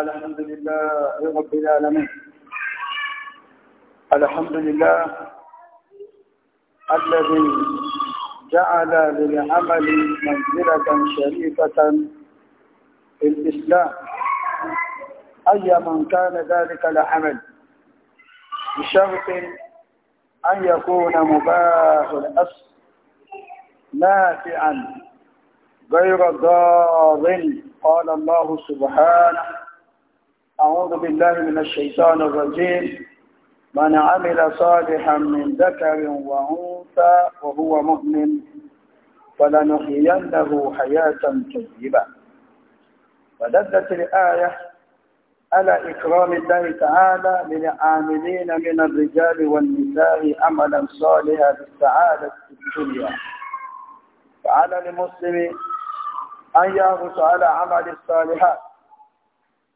الحمد لله رب العالمين الحمد لله الذي جعل للعمل منزلة شريفة في الإسلام أي من كان ذلك العمل بشرط أن يكون مباح الأصل نافعا غير ضار قال الله سبحانه أعوذ بالله من الشيطان الرجيم من عمل صالحا من ذكر وأنثى وهو مؤمن فلنحيينه حياة طيبة فدلت الآية على إكرام الله تعالى للعاملين من الرجال والنساء عملا صالحا بالسعادة في الدنيا فعلى المسلم أن يغص على عمل الصالحات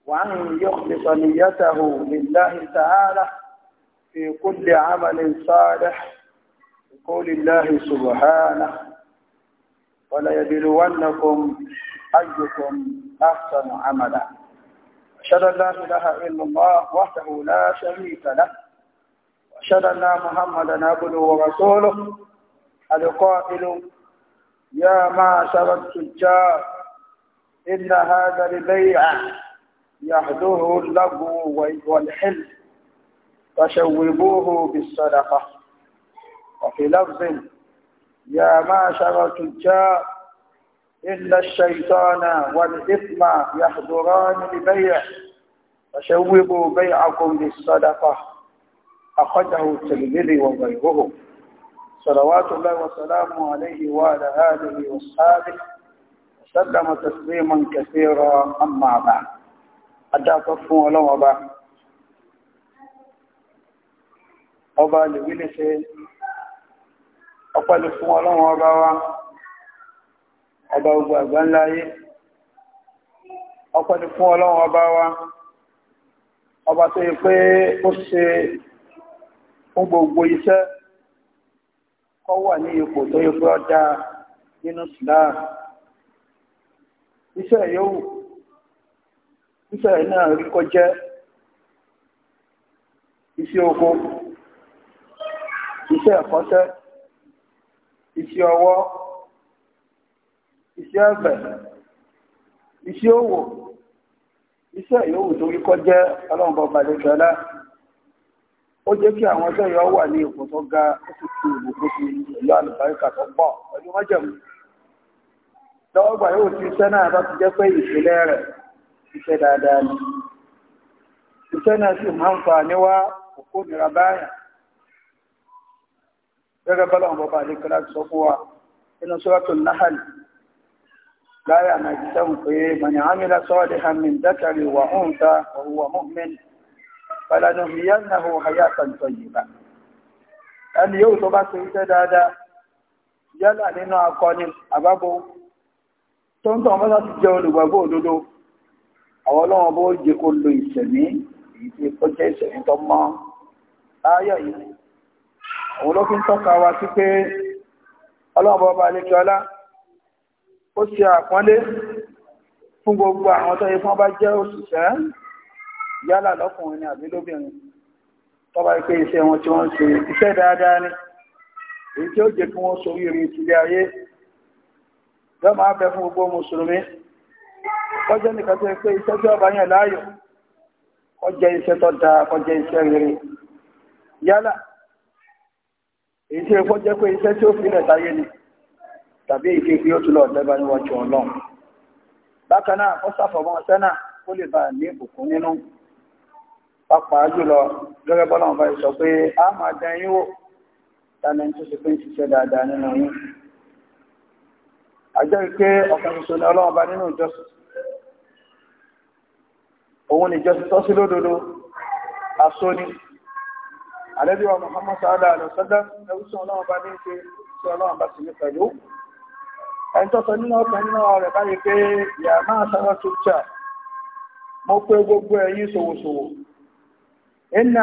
وأن يخلص نيته لله تعالى في كل عمل صالح بقول الله سبحانه وليبلونكم أيكم أحسن عملا أشهد أن لا إله إلا الله وحده لا شريك له وأشهد أن محمدا عبده ورسوله القائل يا معشر التجار إن هذا البيع يحذوه اللغو والحل فشوبوه بالصدقة وفي لفظ يا ما معشر التجار إلا الشيطان والإثم يحضران لبيع فشوبوا بيعكم بالصدقة أخذه التلميذ وغيره صلوات الله وسلامه عليه وعلى آله وأصحابه وسلم تسليما كثيرا أما بعد adáfẹ́ fún ọlọ́wọ́ ọba ọba lè wí lè ṣe ọpẹ́lú fún ọlọ́wọ́ ọba wa ọba ogun àgbà ńlá ayé ọpẹ́lú fún ọlọ́wọ́ ọba wa ọba tó yẹ pé ó ṣe fún gbogbo iṣẹ́ kọ́ wà ní ipò tó yẹ pé ó nínú sílá iṣẹ́ yóò iṣẹ́ náà rí kọ jẹ́ iṣẹ́ isi iṣẹ́ isi ọwọ́ iṣẹ́ ẹ̀fẹ̀ iṣẹ́ òwò iṣẹ́ ìyówù tó rí kọ ó jẹ́ wà ní ipò ga osisi ìbò tó fi ìlú àlùbáríkà tó pọ̀ pẹ̀lú májẹ̀mú lọ́wọ́gbà ti iṣẹ́ bá ti jẹ́ pé iṣẹ́ dáadáa ni iṣẹ́ náà sì máa ń fa níwá òkú nira báyà gẹ́gẹ́ bọ́lá ọmọ bàbá àdékọ́ láti sọ fún wa inú sọ́rọ́tò náhàlì láyà náà ti sẹ́wọ̀n pé mọ̀nà àmìlá sọ́ọ̀lẹ̀ hamin dákàrí wà ń ta òwúwà mọ́mẹ́ni fàlànà ìyàn náà hayá àtàntọ̀ yìí bá ẹni yóò tó bá ṣe iṣẹ́ dáadáa yálà nínú akọni àbábo tó ń tọ́ àwọn ọlọ́run bó jẹ́ kó lo ìṣẹ̀mí èyí tí ó jẹ́ ìṣẹ̀mí tó mọ́ ayọ̀ yìí òun ló fi ń tọ́ka wa sí pé ọlọ́run bọ́ba alẹ́kẹ́ọ́lá ó ṣe àpọ́nlé fún gbogbo àwọn tó yẹ fún ọba jẹ́ òṣìṣẹ́ yálà lọ́kùnrin ni àbí lóbìnrin tọ́ba pé iṣẹ́ wọn tí wọ́n ṣe iṣẹ́ dáadáa ni èyí tí ó jẹ́ kí wọ́n sorí rí ìtìlẹ̀ ayé yọ́ máa bẹ fún gbogbo mùsùlùmí kọjẹ́ nìkan tó pé iṣẹ́ tí ọba yẹn láàyò kọjẹ́ iṣẹ́ tó dáa kọjẹ́ iṣẹ́ rere yálà èyí tí ẹkọ́ jẹ́ pé iṣẹ́ tí ó fi rẹ̀ táyé ni tàbí èyí tí ó tún lọ ọ̀tẹ́bá níwájú ọlọ́run bákan náà ó sàfọ̀mọ́ sẹ́nà ó lè bá ní ìbùkún nínú pàápàá jùlọ gẹ́gẹ́ bọ́lá ọba sọ pé a máa dán yín wò tani tó ṣe pé ń ṣiṣẹ́ dáadáa nínú òun ni jọsí tọ́sí lódodo asóní alẹ́bíwa Muhammad sallallahu alaihi wasallam ẹwùsùn ọlọ́wọ́ bá ní ṣe sí ọlọ́wọ́ bá ní pẹ̀lú ẹni tọ́sọ nínú ọkàn nínú rẹ̀ báyìí pé yà máa sára tuta mo pé gbogbo ẹ̀yin inna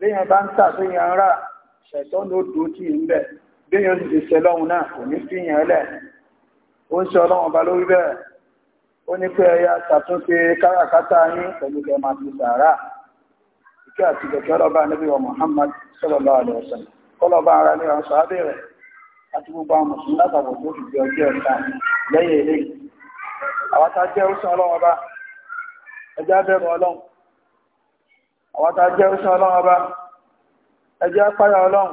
béèyàn bá ń tà béèyàn ń rà ṣẹ̀tọ́ ló dúró tì í ń bẹ̀ béèyàn sì ti ṣe lọ́hùn náà kò ní fi yàn lẹ̀ ó ń ṣe ọlọ́run ọba lórí bẹ́ẹ̀ ó ní pé ẹ̀yà ṣàtúnṣe káràkátà yín pẹ̀lú ti sàárà ìkẹ́ àti kẹ̀kẹ́ ọlọ́ba níbi wa Muhammad sallallahu alaihi kọlọ́ba ara ní ọ̀sán a àwọn tá jẹ́ oṣù ọlọ́run ọba ẹjẹ́ apáyà ọlọ́run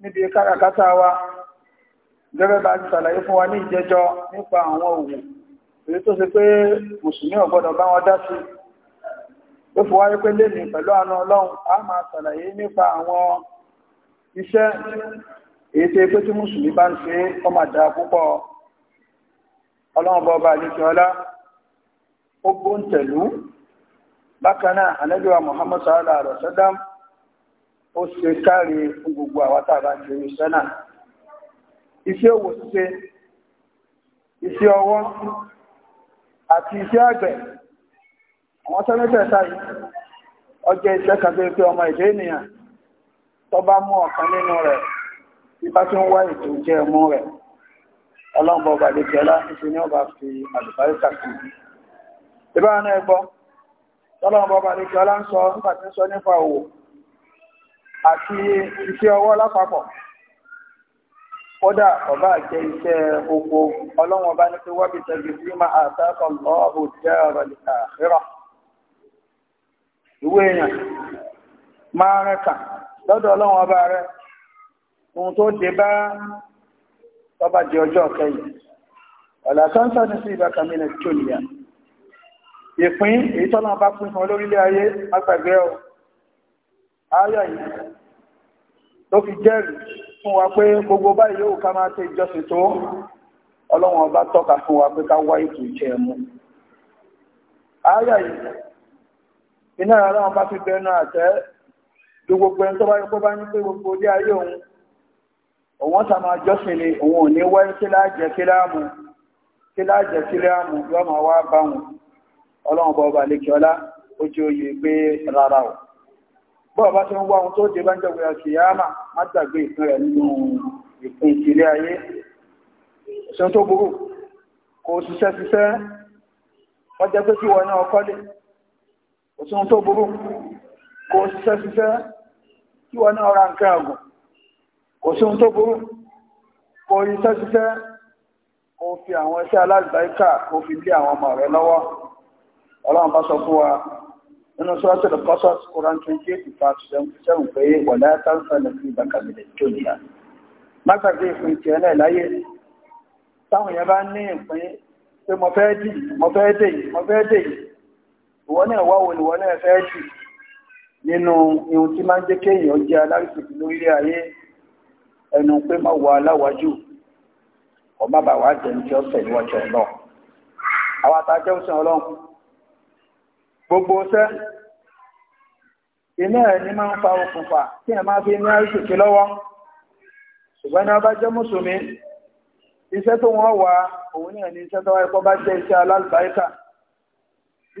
níbi káràkátà wa gẹ́gẹ́ bá ti sàlàyé fún wa ní ìjẹjọ́ nípa àwọn òwò èyí tó ṣe pé mùsùlùmí ò gbọ́dọ̀ bá wọn dá sí ó fi wáyé pé lẹ́nìí pẹ̀lú àánú ọlọ́run a máa sàlàyé nípa àwọn iṣẹ́ èyí tó pé tí mùsùlùmí bá ń ṣe ó máa dáa púpọ̀ ọlọ́run bọ́ ọba àlejò ọlá ó gbóǹtẹ̀lú bákanáà anájọ́wà Muhammad sallallahu alaihi wasallam ó ṣe káàrí fún gbogbo àwátà bá ṣe iṣẹ́ náà iṣẹ́ òwò ṣíṣe iṣẹ́ ọwọ́ àti iṣẹ́ àgbẹ̀ àwọn sẹ́mẹ́tẹ̀ẹ́ta yìí ọjọ́ iṣẹ́ kan tó pé ọmọ ìdé ènìyàn tó bá mú ọ̀kan nínú rẹ̀ tí bá tún wá ètò jẹ́ ọmọ rẹ̀ ọlọ́mọ ọba àdéjọ́lá ìṣẹ́ ní ọba fi àdùbáríkà sí ìbára náà ẹgbọ́n tọ́lọ́wọ́n bọ́bá ní kí ọlá ń sọ nípa tí ń sọ nípa òwò àti iṣẹ́ ọwọ́ lápapọ̀ kódà ọba àjẹ́ iṣẹ́ oko ọlọ́wọ́n bá ní pé wábi tẹ̀lé sí máa àtàkọ̀ lọ́ọ̀bù jẹ́ ọ̀rọ̀ àhírà ìwé èèyàn máa rẹ̀ kà lọ́dọ̀ ìpín èyí tọ́lá bá pín fún olórílẹ̀ ayé agbàgbé ọ̀ ayà yìí tó fi jẹ́rì fún wa pé gbogbo báyìí yóò ká máa tẹ ìjọsìn tó ọlọ́wọ̀n ọba tọ́ka fún wa pé ká wá ètò ìjẹ mú ayà yìí iná ọlọ́wọ̀n bá fi bẹnu àtẹ́ ju gbogbo ẹni tó bá yọpọ̀ bá ní pé gbogbo ilé ayé òun òun sá máa jọ́sìn ni òun ò ní wáyé kí láàjẹ́ kí láàmù yọ́ máa wá bá wọn ọlọ́run bọ́ ọba lékè ọlá ó oyè pé rárá o bọ́ọ̀ bá ti ń wá ohun tó dé bá ń jẹ́gbẹ̀rẹ̀ kìyàmà má gbàgbé ìpín rẹ̀ nínú ìpín ìkìlẹ̀ ayé ṣeun tó burú kò ṣiṣẹ́ ṣiṣẹ́ wọ́n jẹ́ pé kí wọ́n náà kọ́lé kò ṣeun tó burú kò ṣiṣẹ́ ṣiṣẹ́ kí wọ́n náà ra nǹkan àgùn kò ṣeun tó burú kò ṣiṣẹ́ ṣiṣẹ́ kò fi àwọn iṣẹ́ alágbàáyíkà kò fi lé àwọn ọmọ rẹ̀ lọ́wọ́ ọlọ́run bá sọ fún wa nínú sọ́ọ́sì lè kọ́sọ́ kóran twenty eight verse seventy seven pé wọ̀lá táǹsà lè fi ìbàkàlẹ̀ tó nìyà mọ́sàgbé ìpín tiẹ̀ náà láyé táwọn yẹn bá ní ìpín pé mo fẹ́ dì mo fẹ́ dè yìí mo fẹ́ dè yìí ìwọ náà wá wo ìwọ náà fẹ́ dì nínú ihun tí máa ń jẹ́ kéèyàn jẹ́ aláìsìkì lórí ayé ẹnu pé má wọ aláwájú ọmọ bàwá jẹ́ ní tí ó tẹ̀lé ọjọ́ náà àwọn àtàjẹ́ òsìn ọlọ́run gbogbo ṣẹ́ iná ẹ̀ ní máa ń fa okùnfà tí ẹ máa fi ní àìsìkí lọ́wọ́ ṣùgbọ́n ní ọba jẹ́ mùsùlùmí iṣẹ́ tó wọ́n wà òun náà ní iṣẹ́ tó wáyé pọ́ bá jẹ́ iṣẹ́ alálùbáríkà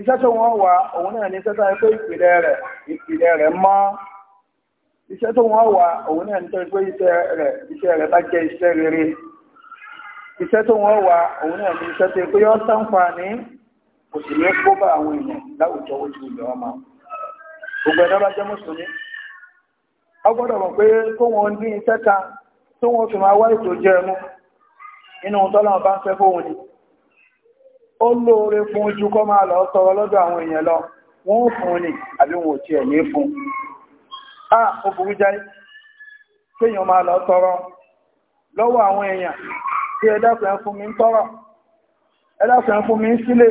iṣẹ́ tó wọ́n wà òun náà ní iṣẹ́ tó wáyé pé ìpìlẹ̀ rẹ̀ ìpìlẹ̀ rẹ̀ mọ́ iṣẹ́ tó wọ́n wà òun náà ní pé iṣẹ́ rẹ̀ iṣẹ́ rẹ̀ bá jẹ́ iṣẹ́ rere iṣẹ́ tó wọ́n wà òun náà ní iṣẹ́ tó yọ kò sì ní kó bá àwọn èèyàn láwùjọ ó ti wùlẹ̀ ọmọ gbogbo ẹ̀dá bá a pé kó wọn ní kan tó wọn fi máa wá ètò jẹ nínú tọ́lọ́wọ́n bá ń fẹ́ fóun ni ó lóore fún ojú kọ́ máa lọ sọ̀rọ̀ lọ́dọ̀ àwọn èèyàn lọ wọ́n fún ni àbí wọn ò a ó burú lọ sọ̀rọ̀ lọ́wọ́ àwọn èèyàn tí ẹ dákun ẹ fún mi ń ẹ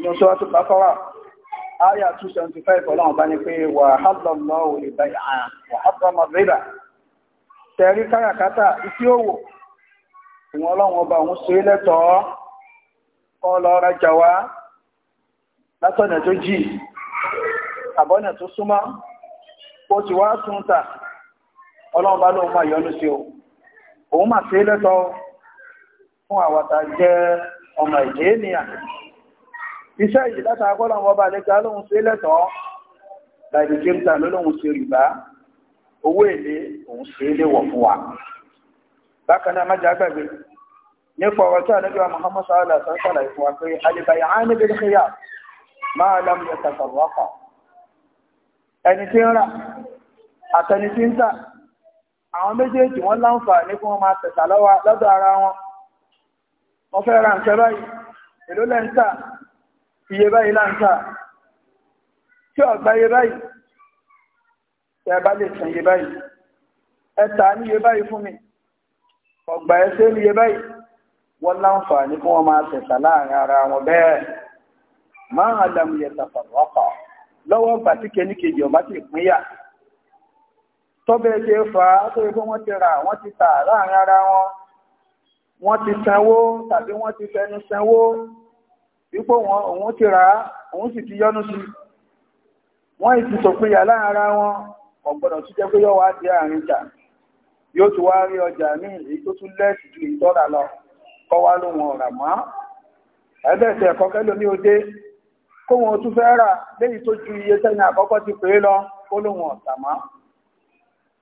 ní ṣọ́wá tó bá kọ́wà áyà 275 ọlọ́run bá ní pé wà hálọ́lọ́ òlè báyà wà hálọ́mọ rírà tẹ̀rí káràkátà ìfí òwò ìwọ̀n ọlọ́run ọba òun ṣe lẹ́tọ̀ọ́ kọ́ lọ rajà wá látọ̀nà tó jì àbọ̀nà tó súnmọ́ ó ti wá tún ta ọlọ́run bá lóun máa yọnu sí o òun máa ṣe lẹ́tọ̀ọ́ fún àwàtà jẹ́ ọmọ ìdè ènìyàn iṣẹ́ yìí láta agbọ́dọ̀ wọn bá lẹ́kẹ́ lóhun ṣe lẹ́tọ̀ọ́ láti jẹ́mta lóhun ṣe rìbá owó èlé òun ṣe é léwọ̀ fún wa bákan náà májá gbàgbé nípa ọ̀rọ̀ tí ànábì wa Muhammad sallallahu alaihi wasallam ṣàlàyé fún wa pé alìbàyà á níbi níkẹyà máa lámú ẹ̀ka sọ̀rọ̀kọ̀ ẹni tí ń rà àtẹni tí ń tà àwọn méjèèjì wọn láǹfààní fún wọn máa tẹ̀sà lọ́dọ̀ ara wọn wọn fẹ́ ra nǹkan báyìí èló lẹ́ ń tà iye báyìí láǹtà tí ọ̀gbá iye báyìí tẹ bá lè san iye báyìí ẹta ní iye báyìí fún mi ọ̀gbà ẹsẹ́ ní iye báyìí wọ́n láǹfààní kí wọ́n máa tẹ̀sà láàrin ara wọn bẹ́ẹ̀ máa ń alamu yẹ tàfàrọ́kọ̀ lọ́wọ́ ọgbà tí kẹ́níkejì ọba ti pínyà tọ́bẹ̀ ṣe fà á tó yẹ kó wọ́n ti rà wọ́n ti tà láàrin ara wọn wọ́n ti sanwó tàbí wọ́n ti fẹnu sanwó wípé wọn òun ti rà á òun sì ti yọ́nú sí wọ́n ìtì sọ̀pínyà láàrin ara wọn ọ̀gbọ̀nà tó jẹ́ pé yọ́ wá di àárín jà yóò ti wá rí ọjà ní èyí tó tún lẹ́ẹ̀sì ju ìtọ́ra lọ kọ́ wá lóhun ọ̀rà mọ́ ẹ̀ẹ́dẹ̀ẹ̀sẹ̀ kọ́kẹ́ lóní odé kó wọn tún fẹ́ rà léyìí tó ju iye sẹ́yìn àkọ́kọ́ ti pè é lọ kó lóhun ọ̀tà mọ́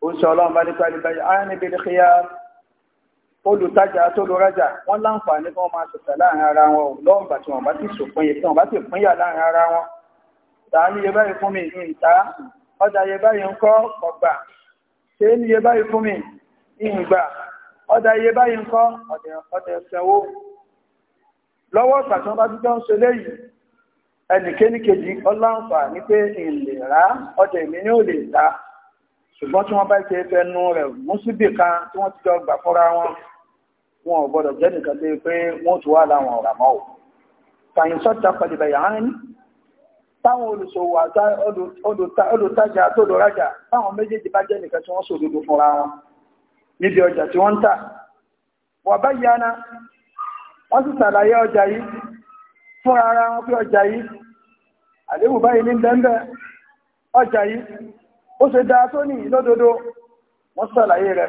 ó sọ ọlọ́run bá nípa nípa ayé níbi ní kíyà olùtajà atólórajà wọ́n láǹfààní kí wọ́n máa ṣọ̀tà láàrin ara wọn lọ́wọ́ ìgbà tí wọ́n bá ti ṣòpin yìí tí wọ́n bá ti pínyà láàrin ara wọn tàá ní iye báyìí fún mi ní ìta ọjà iye báyìí ń kọ́ ọgbà ṣe ní iye báyìí fún mi ní ìgbà ọjà iye báyìí ń kọ́ ọ̀dẹ̀ ẹ̀sẹ̀wó lọ́wọ́ ìgbà tí wọ́n bá ti jọ ń ṣe léyìí ẹnìkéníkejì ọláǹfààní pé ìlè rà ọjà èmi ní ò lè ta ṣùgbọ́n tí wọ́n bá rẹ̀ mú síbì kan tí wọ́n ti jọ gbà fúnra wọn wọn ò gbọdọ̀ jẹ́ nìkan tó pé wọ́n tún wá láwọn ọ̀rà mọ́ ò kàyìn sọ́jà pẹ̀lẹ̀bẹ̀ yà ń táwọn olùsòwò àti olùtajà tó lọ́rajà táwọn méjèèjì bá jẹ́ nìkan tí wọ́n sòdodo fúnra wọn níbi ọjà tí wọ́n ń tà wà bá yana wọ́n sì ṣàlàyé ọjà yìí fúnra ara wọn pé ọjà yìí àdéhùn báyìí ní bẹ́ńbẹ́ ọjà yìí wọ́n ṣàlàyé rẹ̀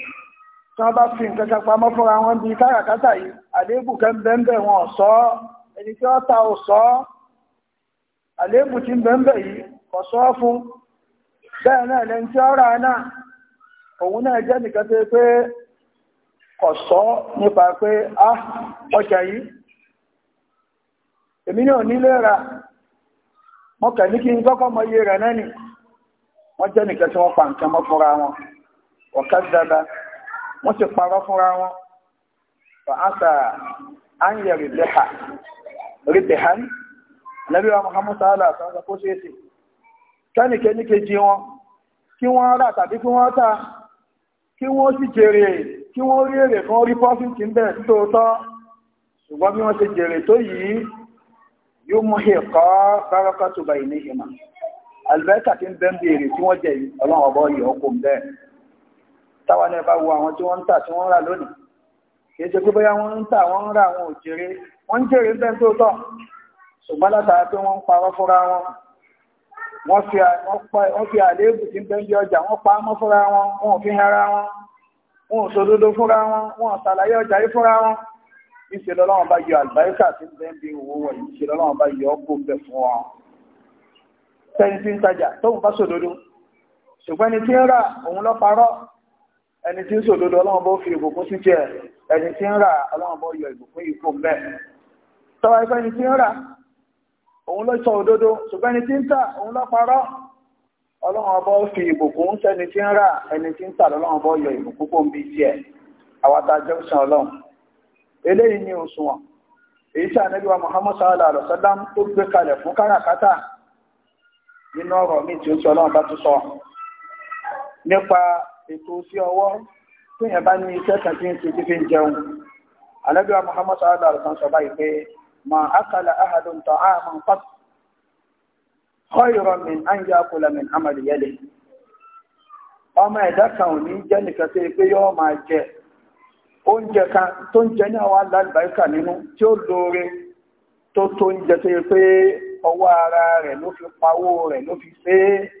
tí wọ́n bá fi nǹkan kan pamọ́ fúnra wọn bí káràkátà yìí àléébù kan bẹ́ẹ̀ wọn ọ̀sọ́ ẹni tí ó ta ọ̀sọ́ àléébù tí bẹ́ẹ̀ yìí ọ̀sọ́ fún bẹ́ẹ̀ náà lẹ́ni tí ó náà òun náà jẹ́ nìkan tó pé nípa pé ọjà yìí èmi ra ní kí n mọ iye rẹ̀ náà ni wọ́n jẹ́ nìkan tí wọ́n ti parọ́ fúnra wọn fàáṣà áńyẹ̀ rìbẹ̀hà rìbẹ̀hà ní lẹ́bíwá muhammadu sallá sọ́nà kó ṣeéṣe kẹ́nìkẹ́ ní kejì wọn kí wọ́n rà tàbí kí wọ́n tà kí wọ́n sì jèrè kí wọ́n rí èrè fún orí pọ́fíìtì ń bẹ̀ tòótọ́ ṣùgbọ́n bí wọ́n ṣe jèrè tó yìí yóò mú ẹ̀kọ́ bárakàtù báyìí ní ìmọ̀ àlùbẹ́kà ti ń bẹ́ ń bèèrè tí wọ́n jẹ̀ yìí ọlọ́run ọ̀bọ yìí ọkùnrin bẹ́ẹ̀ táwa náà wo àwọn tí wọ́n ń tà tí wọ́n ń rà lónìí kì ṣe pé bóyá wọ́n ń tà wọ́n ń rà àwọn òjèrè wọ́n ń jèrè bẹ́ẹ̀ tó tọ̀ ṣùgbọ́n látara pé wọ́n ń parọ́ fúnra wọn wọ́n fi àléébù tí ń bẹ́ ń bí ọjà wọ́n pa á wọn wọn ò fi hara wọn wọn ò sòdodo fúnra wọn wọn ò ṣàlàyé ọjà yìí fúnra wọn ìṣe lọ́lọ́wọ́n bá yọ àlùbáríkà tí ń bẹ́ ń bí owó wọn ìṣe lọ́lọ́wọ́n bá yọ ọkọ̀ bẹ̀ fún wọn sẹ́yìn tí ń tajà tóun bá sòdodo ṣùgbọ́n ni tí ń rà òun lọ́ parọ́ ẹni tí ń sòdodo ọlọ́run bó fi ìbùkún sí jẹ ẹni tí ń rà ọlọ́run yọ ìbùkún yìí kò Tọwa tọ́wọ́ ẹgbẹ́ ẹni tí ń rà òun ló sọ òdodo ṣùgbọ́n ẹni tí ń tà parọ́ fi ìbùkún sẹ́ni tí ń rà ẹni tí ń tà yọ ìbùkún bí tiẹ̀ àwàtà ni òṣùwọ̀n èyí tí sallallahu ètò sí ọwọ́ tó yẹn bá ní iṣẹ́ kan tí ń ṣe tí fi ń jẹun alẹ́bíwá muhammad sallallahu alaihi wasallam sọ báyìí pé ma akala ahadun ta'aman qat khayran min an ya'kula min amali yadihi ọmọ ẹ̀dá kan ò ní jẹ́ nìkan tí pé yóò máa jẹ oúnjẹ kan tó ń jẹ ní àwọn alálùbáríkà nínú tí ó lóore tó tó oúnjẹ tó pé ọwọ́ ara rẹ̀ ló fi pawó rẹ̀ ló fi ṣe é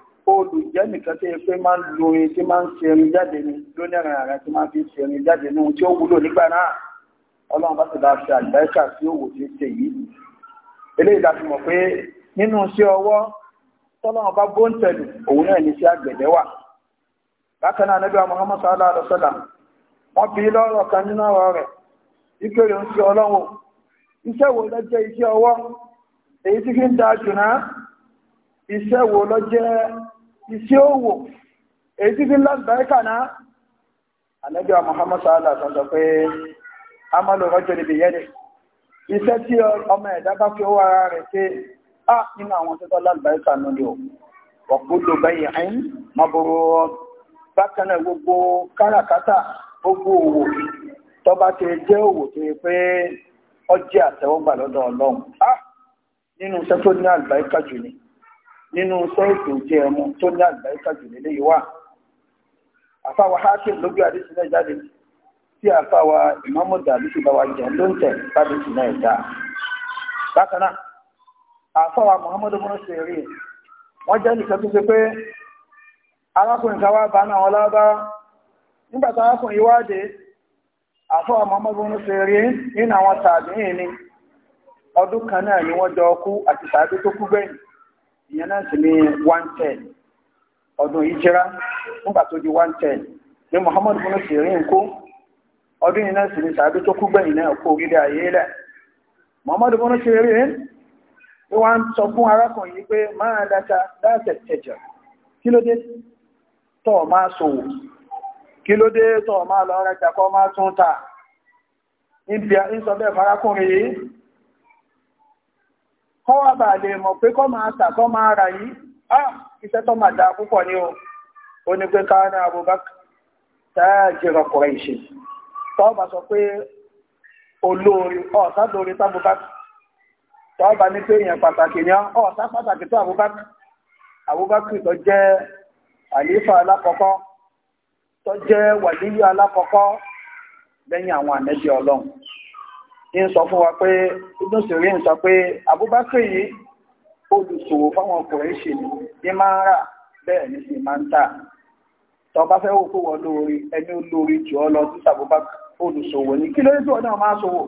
olùjẹ́ nìkan tí pé máa ń lo orin tí máa ń ṣe ẹni jáde ní lónìí ara tí máa fi ṣe ẹni jáde ní ohun tí ó wúlò nígbà náà ọlọ́run bá ti bá ṣe àgbáríkà sí òwò tí ó ṣe yìí eléyìí láti mọ̀ pé nínú iṣẹ́ ọwọ́ tọ́lọ́run bá òun náà ní wà bákan náà nígbà Muhammad wọ́n fi lọ́rọ̀ kan nínú ọ̀rọ̀ rẹ̀ ń ṣe ọlọ́run iṣẹ́ òwò èyí tí fi ń lọ́sibẹ̀ẹ́kà náà àlẹ́bíà Muhammad sallah sọ pé a máa lọ rọ́jò níbi yẹ́dẹ̀ iṣẹ́ tí ọmọ ẹ̀dá bá fi owó ara rẹ̀ ṣe á nínú àwọn tó tọ́ lọ́sibẹ̀ẹ́kà náà ni ò wọ̀pọ̀ ló bẹ́yìn ẹ̀yìn mọ́bòrò bákan náà gbogbo káràkátà gbogbo òwò tó bá ti jẹ́ òwò tó yẹ pé ọjẹ́ àtẹ́wọ́gbà lọ́dọ̀ Ọlọ́run á nínú iṣẹ́ tó ní àlùbáríkà jù ni nínú sọ́ọ̀tù òjì ẹ̀mú tó ní àgbáríkà jù lélẹ́ yìí wà àfáwà hakim lójú àdísí jáde tí àfáwà ìmáàmù dàbí ti bá wa ló ń náà àfáwà muhammadu mọ́sẹ̀ rí wọ́n jẹ́ nìkan tó ṣe pé arákùnrin kan wá bá náà wọn lábá nígbà arákùnrin yìí àfáwà muhammadu mọ́sẹ̀ rí nínú àwọn tàbí yìí ni ọdún kan náà ni wọ́n jọ kú àti tàbí ìyẹn náà sì ní one ten ọdún ìjírá nígbà tó di 110 ten muhammadu Muhammad bin Sirin kú ọdún yìí náà sì ní sàábí tó kú gbẹ̀yìn náà kó orílẹ̀ ayé lẹ̀ Muhammad bin Sirin ni wọ́n sọ fún arákùnrin yìí pé máa dáta tẹ̀jẹ̀ kí ló dé tọ́ máa kí ló dé tọ́ máa lọ kọ́ máa tún ta ìbí kọwa wà bà lè mọ̀ pé kọ́ máa tà máa yìí ah iṣẹ́ tó máa dá púpọ̀ ní o ó ní pé káwọn Abubakar táàjìrọ̀ kọ̀rọ̀ ìṣe tọ́ọ̀bà sọ pé olóore ọ̀sá lóore tábùbákì tọ́ọ̀bà ní pé èèyàn pàtàkì ní ọ̀sá pàtàkì tó Abubakar Abubakar tó jẹ́ àlífà alákọ̀ọ́kọ́ tó jẹ́ wàlíyà alákọ̀ọ́kọ́ lẹ́yìn àwọn ń sọ fún wa pé ibùn sí rí ń sọ pé Abubakar yìí olùṣòwò fáwọn ọkùnrin ṣe ni ní máa ń rà bẹ́ẹ̀ ní sì máa ń tà tó bá fẹ́ wò pé wọ́n lórí ẹni olórí jù ọ lọ títà Abubakar olùṣòwò ni kí ló dé tí wọ́n náà máa ṣòwò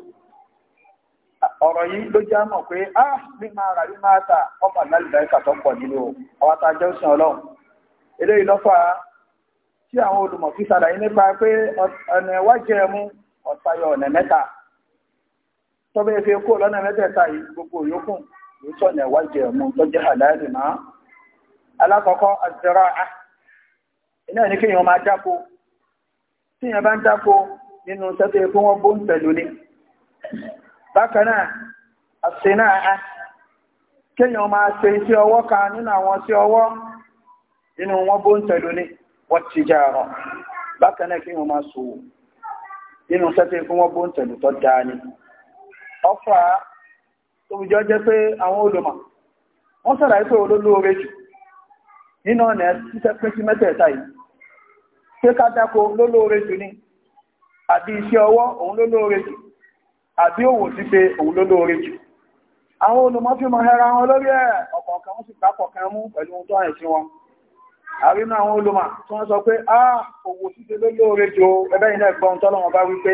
ọ̀rọ̀ yìí ló já mọ̀ pé á ní máa rà ní máa tà ọmọ àlálùbáríkà tó pọ̀ nínú àwọn tá a jẹ́ òsìn ọlọ́run eléyìí lọ́fà tí àwọn olùmọ̀ fi ṣàlàyé nípa pé ọ̀nà ìwájẹ́ mú ọ̀tayọ̀ ọ̀nà mẹ́ta tọ́bẹ̀ fi kó lọ́nà mẹ́tẹ̀ẹ̀ta yìí gbogbo yókùn ìsọ̀nà ìwájẹ̀ mú tó jẹ́ àláàrí náà alákọ̀ọ́kọ́ àzẹ́rà á iná ní kí èèyàn máa dáko tí èèyàn bá ń dáko nínú sẹ́tẹ̀ pé wọ́n bó ń tẹ̀lú ní bákan náà àṣìnà á kí èèyàn máa ọfà tóbijọ́ jẹ́ pé àwọn olùmọ̀ wọ́n sọ̀rọ̀ àìpé olólóore jù nínú ọ̀nà títẹ́ pín sí mẹ́tẹ̀ẹ̀ta yìí ṣé kátàkó lólóore jù ni àbí iṣẹ́ ọwọ́ òun lólóore jù àbí òwò ṣíṣe òun lólóore jù àwọn olùmọ̀ fi mọ̀ ẹra wọn lórí ẹ̀ ọ̀kọ̀ọ̀kan wọ́n sì pápọ̀kan mú pẹ̀lú ohun tó hàn wọn àwọn olùmọ̀ tí wọ́n sọ pé ah òwò jù ẹgbẹ́ ilẹ̀ gbọ́n tọ́lọ́wọ́n bá wípé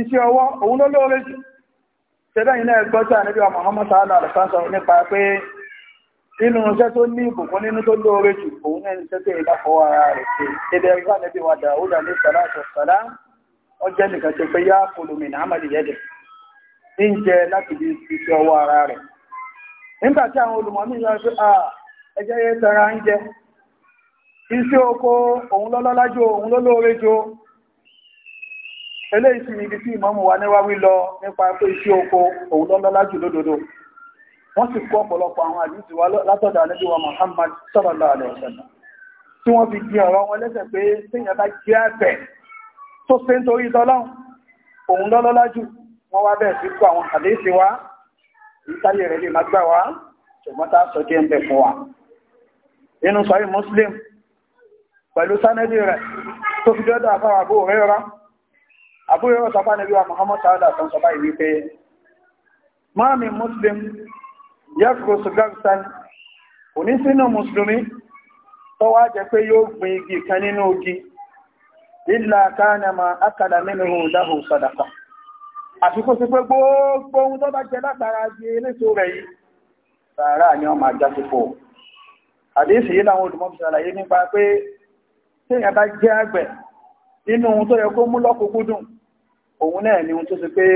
isi ọwọ́ òun ló lóore tẹ́lẹ̀ iná ẹgbọ́ tí a níbi wa Muhammad sallallahu alaihi wasallam nípa pé nínú iṣẹ́ tó ní ìbùkún nínú tó lóore jù òun ní iṣẹ́ tó ìlà fọwọ́ ara rẹ̀ wa ní sàlá nìkan pé yá ní amadi yẹ́dẹ̀ ń jẹ di iṣẹ́ ọwọ́ eléyìí sì ni ibi tí ìmọ̀mù wa níwáwí lọ nípa pé iṣẹ́ oko òun lọ́lọ́lá jù lódodo wọ́n sì kó ọ̀pọ̀lọpọ̀ àwọn àdìsí wa látọ̀dọ̀ ànábì wa Muhammad sallallahu alaihi wasallam tí wọ́n fi di ọ̀rọ̀ wọn lẹ́sẹ̀ pé téèyàn bá jẹ́ àbẹ̀ tó ṣe ń torí tọ́lọ́run òun lọ́lọ́lá jù wọ́n wá bẹ̀rẹ̀ sí kó àwọn àdìsí wa ìtayé rẹ̀ lè má gbà wá ṣùgbọ́n tá a sọ jẹ́ ń bẹ̀ fún wa inú sọ́yìn Muslim pẹ̀lú sánẹ́dì rẹ̀ tó fi dọ́dọ̀ àfáwà bó rẹ̀ rán àbúrò yóò sọ fánàbí wa Muhammad sáádà tó ń sọ báyìí wípé máàmì muslim yẹ́fùrò sugarsan kò ní sínú mùsùlùmí tó wá jẹ pé yóò gbin igi kan nínú igi ìlà kánàmà akàdà nínú ìdáhù sàdàkà àfikún sí pé gbogbo ohun tó bá jẹ látara di eléso rẹ̀ yìí sàárà ni wọ́n máa jásípò àdéhìsì yìí láwọn olùmọ́bí ṣàlàyé nípa pé tí èèyàn bá jẹ́ àgbẹ̀ nínú ohun tó yẹ kó mú lọ́kùnkúndùn òun náà ni ohun tó ṣe pé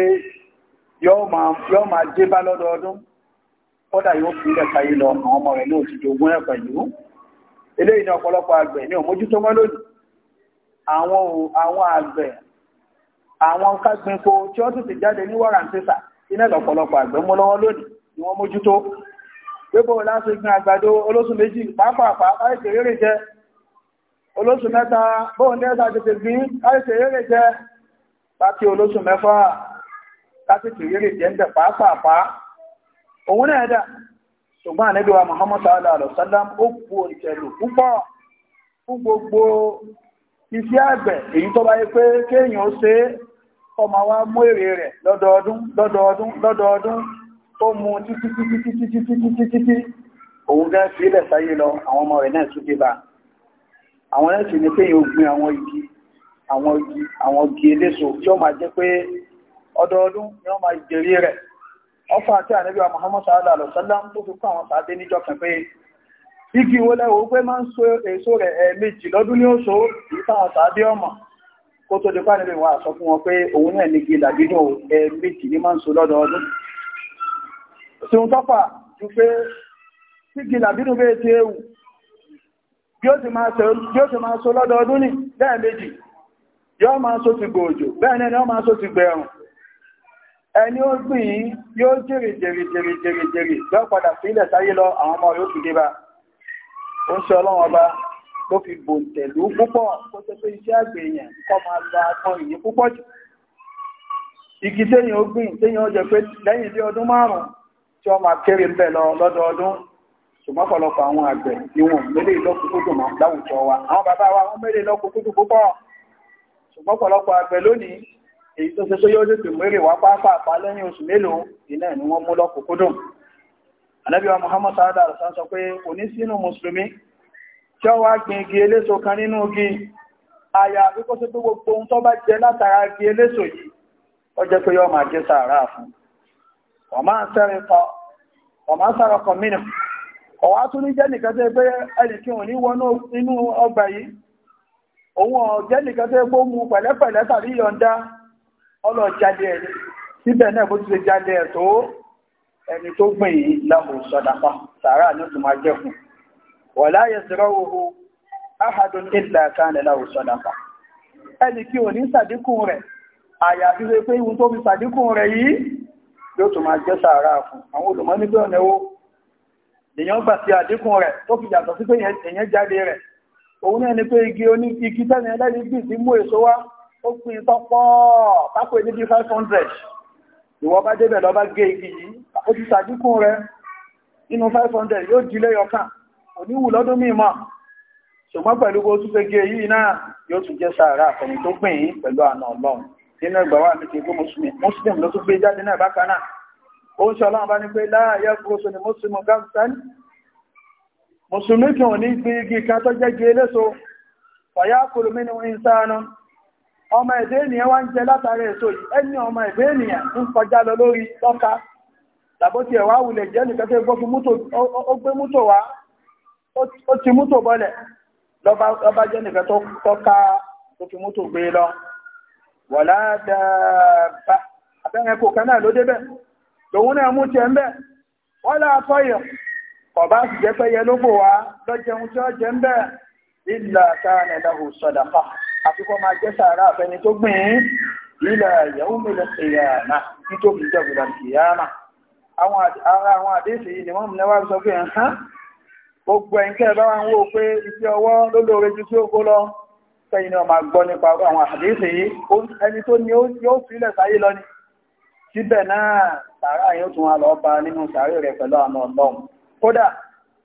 yọ́ máa dé bá lọ́dọọdún kọ́dà yóò fi ilẹ̀ káyé lọ àwọn ọmọ rẹ̀ náà ti jogún ẹ̀ pẹ̀lú eléyìí ní ọ̀pọ̀lọpọ̀ àgbẹ̀ ní òmójútó mọ́ lónìí àwọn àgbẹ̀ àwọn kágbínkó tí ó tún ti jáde ní wọ́ràntísà iná lọ̀pọ̀lọpọ̀ àgbẹ̀ mú lọ́wọ́ lónìí ni wọ́n mójútó pépò láti láti olóṣù mẹ́fà láti tìrírí jẹ́ǹdẹ̀ pàápàá òun náà dà ṣùgbọ́n àníbíwa Muhammad sallallahu alaihi wasallam ó kú ìtẹ̀lù púpọ̀ fún gbogbo iṣẹ́ àgbẹ̀ èyí tó bá yẹ pé kéèyàn ṣe ọmọ wa mú èrè rẹ̀ lọ́dọọdún mú òun gẹ́ sáyé lọ àwọn ọmọ rẹ̀ náà tún bá àwọn ẹ̀sìn ni kéèyàn gbin àwọn àwọn igi àwọn eléso tí ó máa jẹ́ pé ọdọọdún ni wọ́n máa jèrè rẹ̀ ọfà àti àníbíwà Muhammad sallallahu alaihi tó fi kọ́ àwọn sàádé níjọ kan pé igi wo lẹ́wọ́ pé máa ń so èso rẹ̀ lọ́dún ní ọmọ kó tó dípá níbi wọn àsọ fún wọn pé òun náà ní ní máa ń so lọ́dọọdún tí ó tọ́fà ju pé ewu bí ó ti máa so lọ́dọọdún ní yóò máa só ti gbòòjò bẹ́ẹ̀ ni yóò máa só ti gbẹ̀rùn ẹni ó gbìn yí yóò jèrè jèrè jèrè jèrè jèrè yóò padà sí ilẹ̀ sáyé lọ àwọn ọmọ yóò fi dé bá ó ń ṣe ọlọ́run ọba tó fi bòǹtẹ̀lú púpọ̀ kó tó pé iṣẹ́ àgbẹ̀ èèyàn kọ́ máa lọ agbọn ìyí púpọ̀ jù igi téèyàn ó gbìn téèyàn ó jẹ pé lẹ́yìn bí ọdún márùn-ún tí wọ́n máa kéré ń bẹ̀ lọ lọ́dọọdún ṣùgbọ́n ọ̀pọ̀lọpọ̀ àwọn àgbẹ̀ ni wọn mélòó lọ́kùnkúndùn máa láwùjọ wa àwọn bàbá wa wọn mélòó lọ́kùnkúndùn púpọ̀ ṣùgbọ́n pọ̀lọpọ̀ àgbẹ̀ lónìí èyí tó ṣe pé yóò tètè mérè wá pápá lẹ́yìn oṣù mélòó iná ni wọ́n mú lọ́kùnkúndùn wa Muhammad sáádà àrùsán sọ pé kò musulmi sínú mùsùlùmí tí ó wá gbin eléso kan nínú igi àyà àbíkó gbogbo ohun tó bá jẹ látara igi eléso yìí ó jẹ́ pé yóò máa jẹ sàárà fún ọmọ sára òun ọ̀jẹ́ nìkan tó gbó mu pẹ̀lẹ́pẹ̀lẹ́ tàbí yọ̀ǹda ọlọ̀ jalè ẹni síbẹ̀ náà bó ti ṣe ẹ̀ tó ẹni tó gbìn yìí lámù sọ̀dàpá sàárà ní tó máa láyé sọ̀rọ̀ owó ilẹ̀ ẹni kí o ní rẹ̀ àyàfi pé ihun tó fi rẹ̀ yìí yóò tó máa jẹ́ sàárà fún àwọn olùmọ́ gbà sí àdínkù rẹ̀ tó òun náà ni pé igi oní igi tẹ́lẹ̀ ẹlẹ́ni bí ti mú èso wá ó pin tọ́pọ̀ pápò ní bí 500 ìwọ bá débẹ̀ lọ bá gé igi yìí ó ti sàdínkù rẹ nínú 500 yóò di lẹ́yọkàn oníwù lọ́dún mímọ̀ ṣùgbọ́n pẹ̀lú bó tún fẹ́ e yìí náà yóò tún jẹ́ sàárà àkọ̀mí tó pìn yín pẹ̀lú àna ọlọ́run nínú ìgbà muslim ló tún gbé jáde náà bákan náà ó ń ṣe ọlọ́run bá ní mùsùlùmí kan ò ní gbin igi kan tó jẹ́ igi eléso fàyà kòrò mínú ìsáná ọmọ ẹ̀dẹ́ ènìyàn wá ń jẹ látàrí èso yìí ẹni ọmọ ẹ̀dẹ́ ènìyàn ń kọjá lọ lórí lọ́ka tàbótí ẹ̀wà wulẹ̀ jẹ́ nìkan tó gbé mútò wá ó ti mútò bọ́lẹ̀ lọ́bá jẹ́ nìkan tó tọ́ka tó fi mútò gbé lọ wà ládàbà abẹ́rẹ́ kò kan náà ló débẹ̀ lòun náà mú tiẹ̀ ń bẹ̀ wọ́n láà ọba sì jẹ́ pé yẹ ló bò wá lọ́jẹun tí ó jẹ́ ń bẹ̀ ilẹ̀ káàrin lẹ́hùn sọ̀dàpà àti máa jẹ́ sàárà àfẹni tó gbìn ín ilẹ̀ ìyàwó mélòó kìyàmà nítorí ìjọba kìyàmà àwọn àdéhùn yìí ni mú sọ pé gbogbo bá ń ni máa lọ ni náà sàárà yóò tún lọ bá nínú sàárè àwọn kódà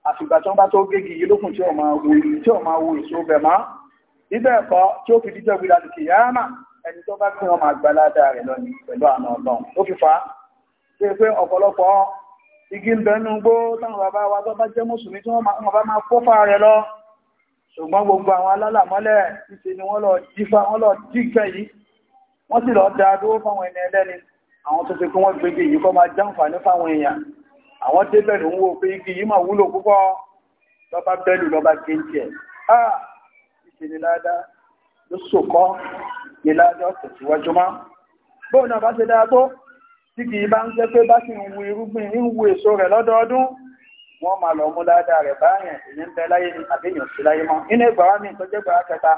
àfìgbà tó ń bá tó gégi yìí lókùn tí ó máa wo tí ó máa wo èso bẹ̀ mọ́ níbẹ̀ ẹ̀kọ́ tí ó fi díjọ́ gbé lálẹ́ kì yáàmà ẹni tó bá fún ọmọ àgbàládà rẹ̀ lọ́nà pẹ̀lú àna ọlọ́run ó fi fa ṣe pé ọ̀pọ̀lọpọ̀ igi ń bẹnu gbó táwọn bàbá wa tó bá jẹ́ mùsùlùmí tí wọ́n bá máa kófà rẹ̀ lọ ṣùgbọ́n gbogbo àwọn alálàmọ́lẹ̀ ṣíṣe ni wọ́n lọ jífa wọ́n lọ jíkẹ́ yìí wọ́n sì lọ da dúró fáwọn ẹni ẹlẹ́ni àwọn tó ṣe kí wọ́n gbégbé yìí kọ́ máa jàǹfààní fáwọn èèyàn àwọn débẹ̀ ló ń wo pé igi yìí mà wúlò púpọ̀ lọ́ba bẹ́lù lọ́ba géńtì ẹ̀ á ìṣe ni dáadáa ló sòkọ́ ni dáadáa ọ̀sẹ̀ síwájú mọ́ bóun náà bá ṣe dáadáa tí kì í bá ń jẹ́ pé bá sì ń wu irúgbìn ń wu èso rẹ̀ lọ́dọọdún wọ́n máa lọ mú dáadáa rẹ̀ báyẹn èyí ń bẹ láyé ni àbẹ́yàn sí láyé mọ́ inú ìgbà wa mi tó jẹ́ gbàrá kẹta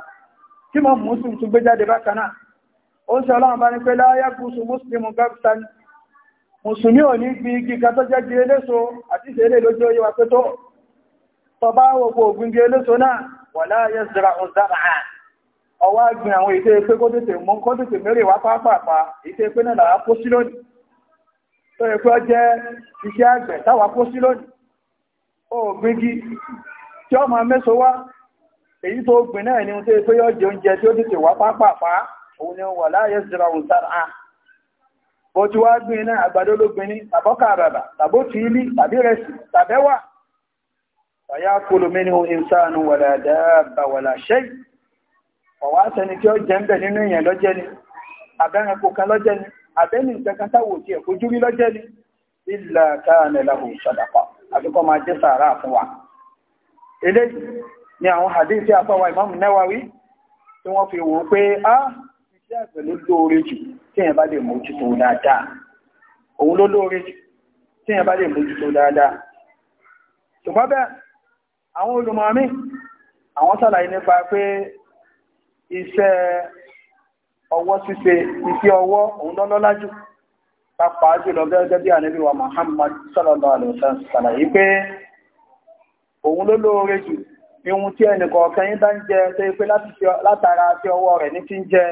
tí mo mú sùn tún gbé jáde bákan náà ó ń sọ ọlọ́run bá ní pé láyé kùsùn mùsùlùmù gàbùsà ni mùsùlùmí ò ní fi igi kan tó jẹ́ gire léso àti ìṣẹ́lẹ̀ lójú oyé wa pé tó tọba ògbò ògùn gire léso náà wà láàyè zira ọ̀zára ọwá gbìn àwọn ìṣe pé kó tètè mú kó tètè mẹ́rẹ̀ wá pápápá ìṣe pé náà làá kó sí lónìí tó yẹ ni ohun tó yẹ pé yọ jẹ ó ti wá gbin iná àgbàdo ló gbin ní tàbọ́kà àbàbà tàbó ti ilé tàbí rẹ̀sì tàbẹ́wà ọ̀yá kólómínú ìsánu wàlà dáàbà wàlà ṣẹ́yì ọ̀wá sẹni tí ó jẹ́ ń bẹ̀ nínú èèyàn lọ́jẹ́ ni abẹ́rin kò kan lọ́jẹ́ ni abẹ́ni ìjẹkan táwò tí ẹ̀kọ́ jú rí lọ́jẹ́ ni ìlà káàmẹ́láhù sàdàpà àbíkọ́ sí àgbẹ̀ ló lóore jù tí èèyàn bá lè mójútó dáadáa òun ló lóore jù tí èèyàn bá lè mójútó dáadáa ṣùgbọ́n bẹ́ẹ̀ àwọn olùmọ̀mí àwọn sàlàyé nípa pé iṣẹ́ ọwọ́ ṣíṣe iṣẹ́ ọwọ́ òun lọ́lọ́lá jù pàápàá jùlọ gẹ́gẹ́ bí ànábì wa Muhammad sallallahu alaihi sàlàyé pé òun ló lóore jù ihun tí ẹnìkọ̀ọ̀kan yín bá ń jẹ tó pé látara tí ọwọ́ rẹ̀ ní ti ń jẹ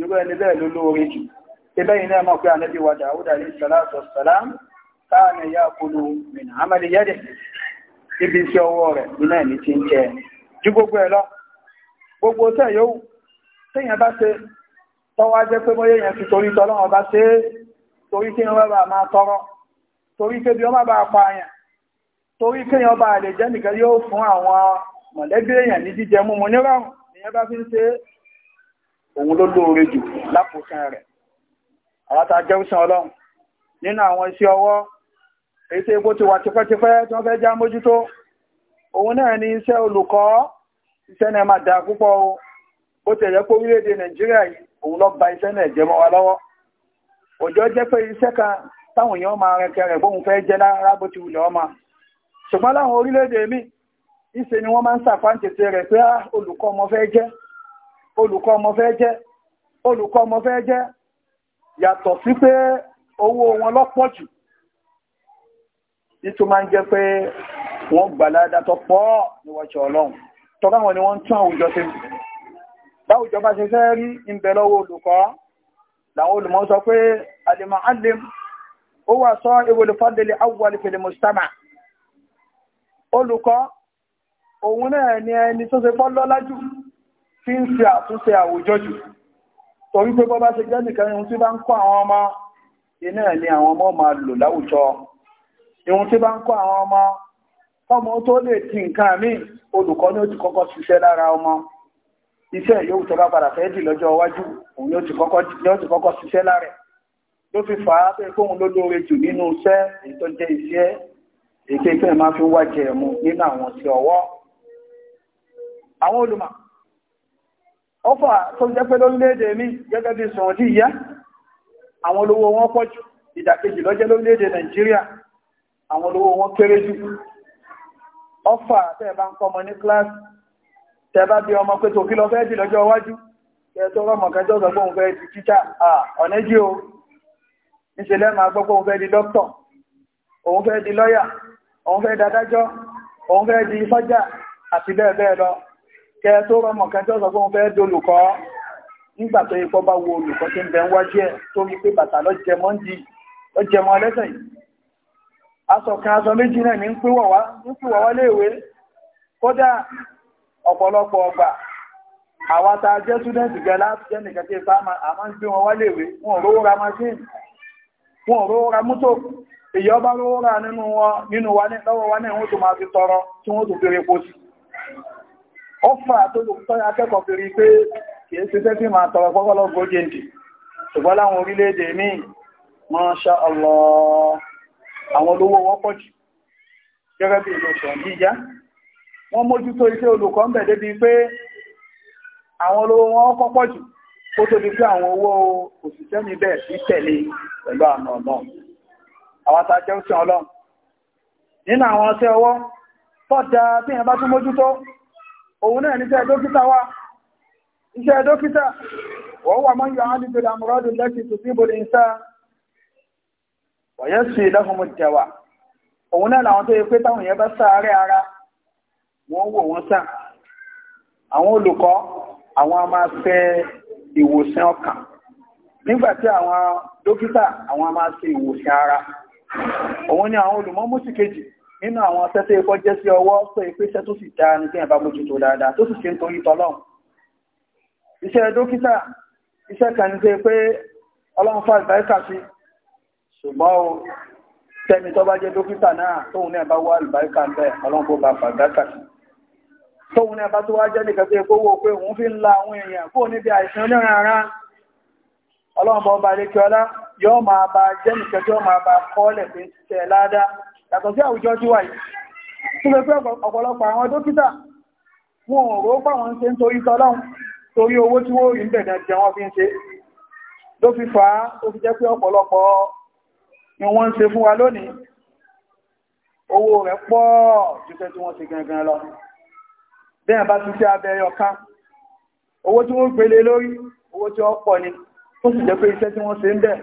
irú ẹni bẹ́ẹ̀ ló lóore jù ẹbẹ́yìn náà mọ̀ pé ànábì wa Dáúdà alayhi salatu wassalam kana yakulu min amali yadihi ibi iṣẹ́ ọwọ́ rẹ̀ iná ẹ̀mí ti ń jẹ ju gbogbo ẹ̀ lọ gbogbo tẹ̀ yóò téèyàn bá ṣe tọ́wọ́ á jẹ́ pé bóyá èèyàn ti torí tọ́lọ́wọ́ bá ṣe é torí kí wọ́n bá máa tọrọ torí kí bí wọ́n bá pa àyàn torí kí wọ́n bá lè jẹ́ nìkan yóò fún àwọn mọ̀lẹ́bí èèyàn ní jíjẹ múmu nírọ̀rùn ìyẹn bá fi ń ṣe òun ló lóore jù lápòsán rẹ̀ àwọn tá a jẹ́ òsàn ọlọ́run nínú àwọn iṣẹ́ ọwọ́ èyí tí epo ti wà tipẹ́tipẹ́ tí wọ́n fẹ́ já mójútó òun náà ni iṣẹ́ olùkọ́ iṣẹ́ náà máa dà púpọ̀ o bó tẹ̀yẹ pé orílẹ̀-èdè nàìjíríà yìí òun lọ ba iṣẹ́ náà jẹ́ mọ́ wa lọ́wọ́ òjò jẹ́ pé iṣẹ́ kan táwọn èèyàn máa rẹkẹ rẹ̀ bóun fẹ́ jẹ́ lára bó ti wulẹ̀ ọmọ ṣùgbọ́n láwọn orílẹ̀-èdè míì ìṣe ni wọ́n máa ń ṣàfáǹtẹ̀tẹ̀ rẹ̀ pé ah, olùkọ́ ọmọ fẹ́ jẹ́ olùkọ́ ọmọ fẹ́ jẹ́ olùkọ́ ọmọ fẹ́ jẹ́ yàtọ̀ sí pé owó wọn lọ́pọ̀ jù nítorí máa ń jẹ́ pé wọ́n gbàládà tó pọ̀ níwájú ọlọ́run tọ́lá wọn ni wọ́n ń tún àwùjọ sí báwùjọ bá ṣe fẹ́ rí ìbẹ̀ lọ́wọ́ olùkọ́ làwọn olùmọ̀ sọ pé àdìmọ̀ alim ó wà sọ ìwòlù fadli awwal fil mustama olùkọ́ òun náà ni ẹni tó ṣe fọ́ lọ́lájú tí ń ṣe àtúnṣe àwùjọ jù torí pé bọ́bá ṣe jẹ́ nìkan ihun tí bá ń kọ́ àwọn ọmọ iná ni àwọn ọmọ máa lò láwùjọ ihun tí bá ń kọ́ àwọn ọmọ ọmọ tó lè ti nǹkan míì olùkọ́ ni ó ti kọ́kọ́ ṣiṣẹ́ lára ọmọ iṣẹ́ yóò tó bá padà fẹ́ dì lọ́jọ́ iwájú òun ni ó ti kọ́kọ́ ṣiṣẹ́ lára ló fi fà á pé kóhun ló lóore jù nínú iṣẹ́ èyí tó jẹ́ iṣẹ́ èké tó máa fi wájẹ ẹ̀mú nínú àwọn ti ọwọ́ àwọn olùmọ̀ ọfà tó jẹ́ pé lórílẹ̀-èdè mi gẹ́gẹ́ bí sọ̀rọ̀dí ìyá àwọn olówó wọn pọ̀ jù ìdàkejì lọ́jẹ́ lórílẹ̀-èdè Nàìjíríà àwọn olówó wọn kéré jù ọfà tẹ́ bá ń kọ́mọ ní kíláàsì tẹ́ bá bí ọmọ pé tó kí lọ fẹ́ di lọ́jọ́ iwájú kẹ́ tó rọ́mọ kẹjọ́ sọ pé òun fẹ́ di tíṣà ọ̀nà jí ka tó rọmọ kan tó sọ pé wọ́n fẹ́ dolùkọ́ nígbà tó yẹ kó bá wo olùkọ́ tí ń bẹ ń wájú ẹ̀ tó rí pé bàtà lọ́jẹmọ́ ń di lọ́jẹmọ́ lẹ́sẹ̀ yìí kan aṣọ méjì náà ní pínwọ̀ wá léèwé kódà ọ̀pọ̀lọpọ̀ ọgbà ta jẹ́ túdẹ́ǹtì gẹ láti jẹ́ nìkan tí ma àmá ń gbé wọn wá léèwé wọn rówó ra machine wọn rówó ra rówó ra nínú wa lọ́wọ́ wa náà ọfà tó akẹ́kọ̀ọ́ fi rí pé kìí ṣe tẹ́sí máa tọrọ pọ́pọ́lọ́ gójèǹdì ṣùgbọ́n láwọn orílẹ̀-èdè míì Masha Allah àwọn olówó wọ́pọ̀ jù gẹ́gẹ́ bí ìlú ṣọ̀ yíyá wọ́n mójútó iṣẹ́ olùkọ́ ń bẹ̀ débi pé àwọn olówó wọn kọ́pọ̀ jù kó tó di pé àwọn owó òṣìṣẹ́ mi bẹ̀ sí tẹ̀lé pẹ̀lú àmà ọlọ́run àwọn àtàjẹ́ òṣìṣẹ́ ọlọ́run nínú àwọn ọṣẹ́ ọwọ́ tọ́jà tí ẹ bá tún mójútó òun náà níṣẹ́ dókítà wá iṣẹ́ dókítà wọ́n wà mọ́ yọ àádìí bèèrè àmúrọ́dù lẹ́kì tó síbò lè sá wọ̀nyẹ́ sí lọ́fùnmù jẹwà òun náà làwọn tó yẹ pé táwọn ara wọ́n wò wọ́n sàn àwọn olùkọ́ àwọn a ìwòsàn ọkàn nígbàtí àwọn dókítà àwọn ara òun ni àwọn kejì nínú àwọn ọ̀sẹ́ tó ikọ́ jẹ́ sí ọwọ́ pé ìpéṣẹ́ tó sì dáa ní kíyàn bá mójútó dáadáa tó sì ṣe ń torí tọ́lọ́run iṣẹ́ dókítà iṣẹ́ kan ní pé ọlọ́run fà àlùbáríkà sí ṣùgbọ́n o tẹ́ni tó bá jẹ́ dókítà náà tóun náà bá wá àlùbáríkà bẹ́ẹ̀ ọlọ́run kó bá àlùbáríkà sí tóun náà bá tó wá jẹ́ nìkan tó ikọ́ wò pé òun fi ń la àwọn èèyàn kó níbi àìsàn onírin ara ọlọ́run bọ́ ọba lékiọlá yóò máa bá jẹ́ nìkan tí ó máa bá kọ́ọ̀lẹ̀ yàtọ̀ sí àwùjọ tí wáyé tí lè pẹ́ ọ̀pọ̀lọpọ̀ àwọn dókítà wọn ò rò pàwọn ń ṣe ń torí tọ́lọ́un torí owó tí wó rí ń bẹ̀rẹ̀ jẹ wọ́n fi ń ṣe ló fi fà á ó fi jẹ́ pé ọ̀pọ̀lọpọ̀ ni wọ́n ń ṣe fún wa lónìí owó rẹ̀ pọ̀ ju tẹ́ tí wọ́n ṣe gangan lọ bẹ́ẹ̀ bá tún sí abẹ́rẹ́ ọ̀ká owó tí wọ́n gbélé lórí owó tí wọ́n pọ̀ ni tó sì jẹ́ pé iṣẹ́ tí wọ́n ṣe ń bẹ̀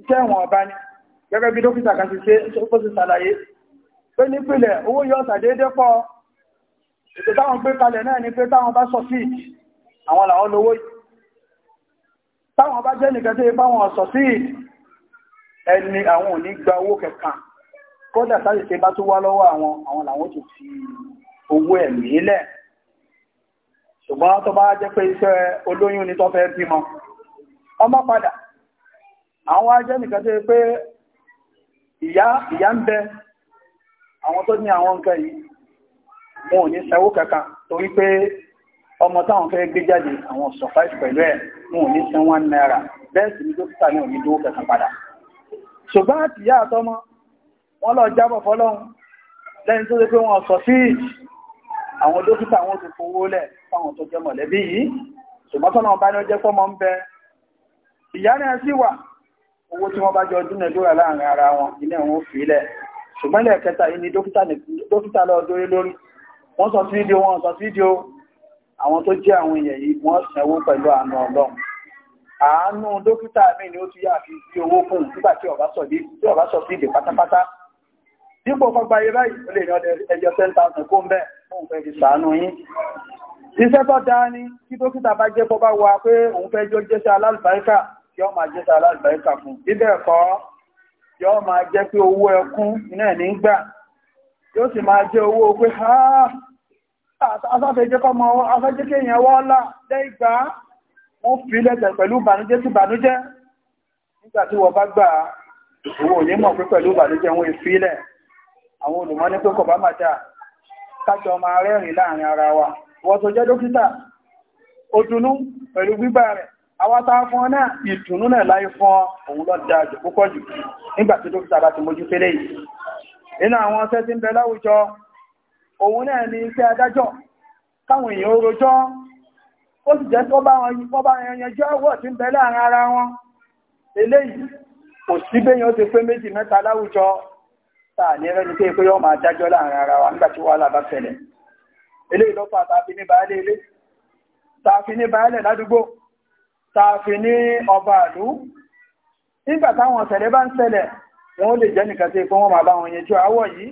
iṣẹ́ ìwọ̀n ọba ni gẹ́gẹ́ bí dókítà kan ti ṣe ó ti ṣàlàyé pé nípìnlẹ̀ owó yọ ọ̀tà déédé pọ̀ ètò táwọn gbé kalẹ̀ náà ni pé táwọn bá sọ̀fíìd àwọn làwọn lówó táwọn bá jẹ́ nìkan tó yẹ fáwọn sọ̀fíìd ẹni àwọn ò ní gba owó kẹkàn kódà sáyé ṣe bá tó wá lọ́wọ́ àwọn àwọn làwọn tó fi owó ẹ̀ lélẹ̀ ṣùgbọ́n tó bá jẹ́ pé iṣẹ́ olóyún ni tó fẹ́ bímọ ọmọ padà àwọn ajẹ́ nìkan tó yẹ pé ìyá ìyá ń bẹ àwọn tó ní àwọn nǹkan yìí wọn ò ní sanwó kankan torí pé ọmọ táwọn fẹ́ gbé jáde àwọn surprise pẹ̀lú ẹ̀ wọn ò ní san one bẹ́ẹ̀ sì ni dókítà ní òní dówó kankan padà ṣùgbọ́n àti ìyá àtọmọ wọ́n lọ jábọ̀ fọ́lọ́run lẹ́yìn tó lé pé wọ́n sọ sí àwọn dókítà wọn ti fowó lẹ̀ fáwọn tó jẹ́ mọ̀lẹ́bí yìí ṣùgbọ́n tọ́nà ọba ní ó jẹ́ fọ́mọ ń bẹ ìyá náà sì wà owó tí wọ́n bá jọ dúnàdúrà láàrin ara wọn ilé wọn fi ilẹ̀ ṣùgbọ́n ilẹ̀ kẹta yìí ni dókítà lọ dórí lórí wọ́n sọ sí fídíò wọ́n sọ sí fídíò àwọn tó jẹ́ àwọn èèyàn yìí wọ́n sanwó pẹ̀lú àánú ọlọ́run àánú dókítà mi ni ó ti yà fi sí owó fún nígbà tí ọba sọ tí ọba sọ sí ìdè pátápátá dípò fọgbà yìí báyìí ó lè ní ẹjọ ten thousand kó ń bẹ fóun fẹ́ fi sàánú yín iṣẹ́ tó dáa ni kí dókítà bá jẹ́ bọ́ bá wa pé òun fẹ́ jọ jẹ́sẹ́ alálùbáríkà yọ́ máa jẹ́ tààlà àlùbáríkà fún bíbẹ̀ kọ́ yọ́ máa jẹ́ pé owó ẹkún iná ẹ̀ nígbà yóò sì máa jẹ́ owó pé asáfẹ́jẹ́ kọ́mọ afẹ́jẹ́ kí èèyàn wọ́ ọ́lá lẹ́ìgbà wọ́n fi lẹ́tẹ̀ pẹ̀lú ìbànújẹ́ sí ìbànújẹ́ nígbà tí wọ́n bá gbà owó òní mọ̀ pé pẹ̀lú ìbànújẹ́ wọn ìfilẹ̀ àwọn olùmọ́ ní pé kò bá màdá kájọ máa rẹ́rìn láàrin ara wa wọ́n tó jẹ́ dókítà ó dunú pẹ̀lú gbígbà rẹ̀ àwátá fún náà ìdùnnú náà láyé fún òun lọ da jù púpọ̀ jù nígbàtí dókítà bá ti mójú pélé yìí nínú àwọn ọ̀sẹ́ tí ń bẹ láwùjọ òun náà ni iṣẹ́ adájọ́ káwọn èèyàn rojọ́ ó sì jẹ́ tó bá wọn yí fọ́ bá wọn yanjọ́ ọwọ́ tí ń bẹ láàrin ara wọn eléyìí kò sí béèyàn ó ti pé méjì mẹ́ta láwùjọ táà ní ẹrẹ́ni pé pé yọ́ máa dájọ́ láàrin ara wa nígbàtí wàhálà bá fẹlẹ̀ eléyìí lọ́pàá tàbí ní baálé ilé tàbí ní baálẹ̀ ládùúgbò tààfi ní ọba àlú nígbà táwọn ṣẹlẹ̀ bá ń ṣẹlẹ̀ wọ́n lè jẹ́ nìkan sí pé wọ́n máa bá wọn yẹjú àwọ̀ yìí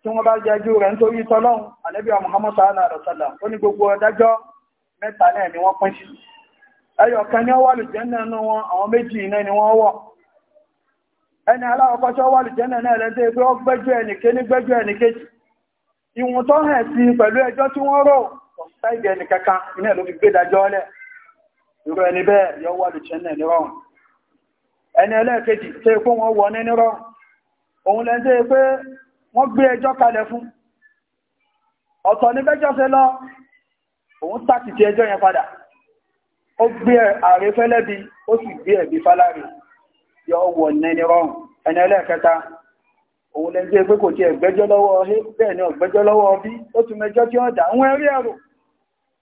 tí wọ́n bá jẹjú rẹ̀ nítorí tọ́lọ́hun ànábì Muhammad sallallahu alaihi wasallam ó ní gbogbo ni wọ́n pín sí ẹyọ kan ní ọwọ́ àlùjẹ́nà nínú ni wọ́n wọ̀ ẹni aláwọ̀kọ́ tí ọwọ́ àlùjẹ́nà náà lẹ́dẹ́ pé ó gbẹ́jọ́ ẹnìké ní gbẹ́jọ́ ẹnìkejì ìwọ̀n tó hẹ̀ sí pẹ̀lú ẹjọ́ tí wọ́n rò ọ̀sáìdì ẹnìkankan iná ló fi gbé dájọ́ lẹ̀ irú ẹni bẹ́ẹ̀ yọ wà lè ṣẹ́nà nírọ̀rùn ẹni ẹlẹ́ẹ̀kejì tó ikú wọn wọ ní nírọ̀rùn òun lẹ́ tó pé wọ́n gbé ẹjọ́ kalẹ̀ fún ọ̀tọ̀ ní bẹ́jọ́ ṣe lọ òun tàkìtì ẹjọ́ yẹn padà ó gbé ààrẹ fẹ́lẹ́bi ó sì gbé ẹ̀bí fáláre yọ wọ ní nírọ̀rùn ẹni ẹlẹ́ẹ̀kẹta òun lẹ́ tó pé kò ti ẹ̀gbẹ́jọ́ lọ́wọ́ bẹ́ẹ̀ ni ọ̀gbẹ́jọ́ lọ́wọ́ bí ó tún mẹjọ́ tí ó dà ń wẹ́rí ẹ̀rù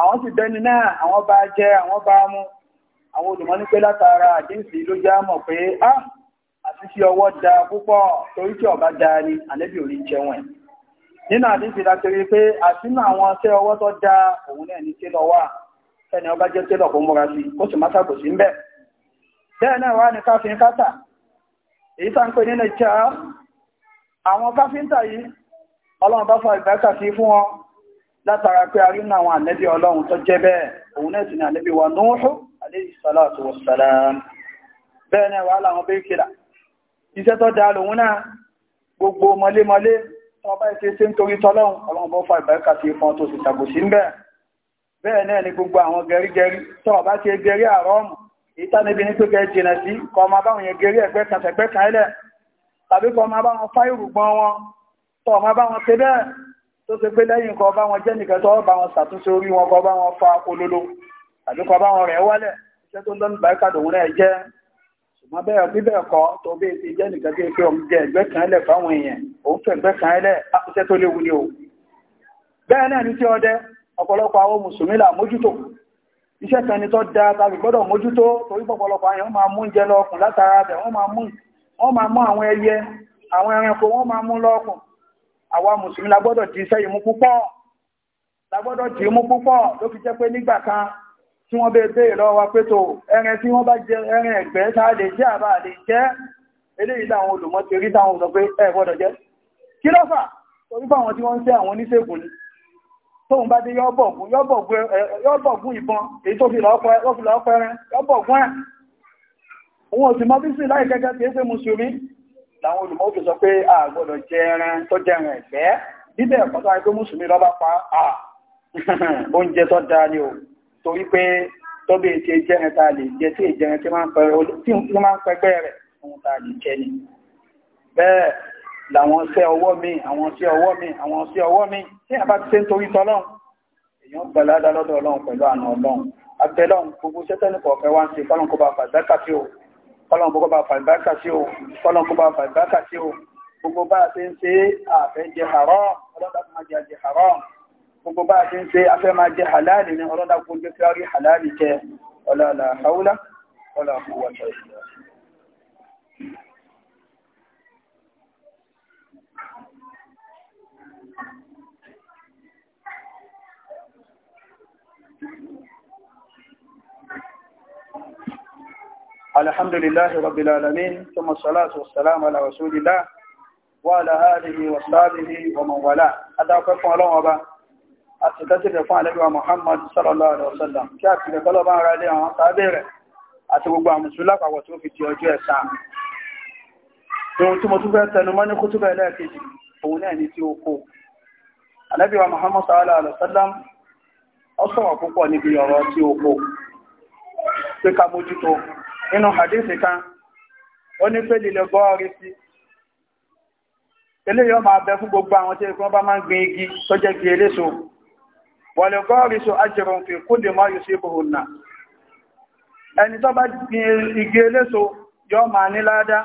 àwọn sì bẹni náà àwọn bá jẹ àwọn bá mú àwọn olùmọ́ ní pé látara àdínsì ló já mọ̀ pé á àṣìṣe ọwọ́ da púpọ̀ torí tí ọba da ni àlébì orí jẹun ẹ̀ nínú àdínsì láti rí pé àṣínú àwọn iṣẹ́ ọwọ́ tó da òun náà ní télọ̀ wà ẹni ọba jẹ́ télọ̀ kó múra sí kó sì má ṣàkóso ń bẹ̀ bẹ́ẹ̀ náà wá ní káfíń kátà èyí tá ń pè nínú ìjà àwọn káfíńtà yìí ọlọ́run bá fa ìgbà kàfí fún wọn látara pé arínà àwọn ànẹ́bí ọlọ́run tó jẹ́ bẹ́ẹ̀ òun náà sì ní ànẹ́bí wa Nuhu alayhi salatu wassalam bẹ́ẹ̀ náà wà láwọn bẹ́ẹ̀ kìlà iṣẹ́ tó dáa lòun náà gbogbo mọlémọlé wọn bá ṣe ṣe ń torí tọ́lọ́run ọlọ́run bọ́ fà ìbáríkà sí fún tó sì tàbò sí ń bẹ́ẹ̀ bẹ́ẹ̀ náà ni gbogbo àwọn gẹrígẹrí ìtànibí ní pẹ́kẹ́ jìnà sí kọ ma báwọn yẹn gẹrí ẹgbẹ́ kan tẹ̀gbẹ́ kan ilẹ̀ tàbí kọ ma báwọn fáìrù gbọ́n wọn tọ́ ma báwọn ṣe bẹ́ẹ̀ tó ṣe pé lẹ́yìn kọ bá wọn jẹ́ nìkan tó bá wọn ṣàtúnṣe orí wọn kọ bá wọn fa pololo tàbí kọ bá wọn rẹ̀ wálẹ̀ iṣẹ́ tó ń lọ́nà báyìí kàdùn rẹ̀ jẹ́ ṣùgbọ́n bẹ́ẹ̀ bí bẹ́ẹ̀ kọ́ tó bí ti jẹ́ nìkan tó pé ọmọ jẹ ẹgbẹ́ kan lẹ̀ fáwọn èèyàn òun fẹ́ ẹgbẹ́ kan lẹ̀ iṣẹ́ tó léwu ni o bẹ́ẹ̀ náà ní tí ọdẹ ọ̀pọ̀lọpọ̀ àwọn mùsùlùmí là mójútó iṣẹ́ kan ni tó da tàbí gbọ́dọ̀ mójútó torí pọ̀pọ̀lọpọ̀ àyàn máa mú oúnjẹ lọ́kùn látara bẹ̀ wọ́n máa mú àwọn ẹyẹ àwọn ẹranko wọ́n máa mú lọ́kùn àwa mùsùlùmí la gbọ́dọ̀ ti iṣẹ́ yìí mú púpọ̀ la gbọ́dọ̀ ti mú púpọ̀ ló fi jẹ́ pé nígbà kan tí wọ́n bẹ bẹ́ẹ̀ lọ wa pé tó ẹran tí wọ́n bá jẹ ẹran ẹ̀gbẹ́ tá a lè jẹ́ àbá lè jẹ́ eléyìí láwọn olùmọ̀ ti rí táwọn sọ pé ẹ gbọ́dọ̀ jẹ́ kí ló fà torí fún àwọn tí wọ́n ń tẹ́ àwọn oníṣègùn ni tóun bá dé yọ́bọ̀gún ìbọn èyí tó fi lọ́pọ̀ ẹran yọ́bọ̀gún ẹ̀ òun ò sì mọ́ bí sí láì kẹ́kẹ́ tí é pé mùsùlùmí làwọn olùmọ́bí sọ pé a gbọ́dọ̀ jẹ ẹran tó jẹ ẹran ẹ̀gbẹ́ bíbẹ̀ ẹ̀kọ́ tó wáyé mùsùlùmí lọ́ba pa á oúnjẹ tó dáa ni o torí pé tọ́bí ètí ìjẹrin tá a lè jẹ tí ìjẹrin tí máa ń pẹgbẹ́ rẹ̀ ohun tá a lè jẹ ni bẹ́ẹ̀ làwọn ṣẹ́ ọwọ́ mi àwọn ṣẹ́ ọwọ́ mi àwọn ṣẹ́ ọwọ́ mi tí a bá ti ṣe ń torí tọ́lọ́run èèyàn gbẹ̀lá dá lọ́dọ̀ ọlọ́run pẹ̀lú àna ọlọ́run abẹ́lọ́run gbogbo sẹ́tẹ́nì kọ̀ọ̀kẹ́ wá ń ṣe fọ́lọ́n kó bá fàdákàtì o kọ́lọ̀n kó bá fàìbákà sí o kọ́lọ̀n kó bá fàìbákà sí o gbogbo bá a ti ń ṣe àfẹ́ jẹ haram ọlọ́dàkùn máa jẹ àjẹ haram gbogbo bá a ti ń ṣe afẹ́ máa jẹ halali ní ọlọ́dàkùn jẹ́ kí rí halali jẹ ọlọ́lá haúlá ọlọ́kùn الحمد لله رب العالمين ثم الصلاة والسلام على رسول الله وعلى آله وصحبه ومن والاه أدعوك فún Ọlọ́run Ọba àti tẹ́sílẹ̀ fún àlẹ́gbà Muhammad sallallahu alaihi wasallam kí a ti lè kọ́lọ̀ bá ń ra ilé àwọn sáábẹ̀ rẹ̀ àti gbogbo àmùsùn lápapọ̀ tó fi di ọjọ́ ẹ̀sà ohun tí mo tún fẹ́ tẹnu mọ́ ní kútùbà ẹlẹ́ẹ̀kejì òun náà ní tí ó kó àlẹ́gbà sallallahu alaihi wasallam ó sọ̀rọ̀ púpọ̀ níbi ọ̀rọ̀ tí ó kó pé ká mójútó inú hadithi kan ó ní pé lílẹ̀ bọ́ọ̀rí sí eléyọ́ máa bẹ fún gbogbo àwọn tí ikú bá máa ń gbin igi tó jẹ́ kí eléso wọ̀lẹ̀ bọ́ọ̀rí so ajẹrùn fi kú lè mọ́ yóò sí ibòhùn náà ẹni tó bá gbin igi eléso yọ́ máa ní ládá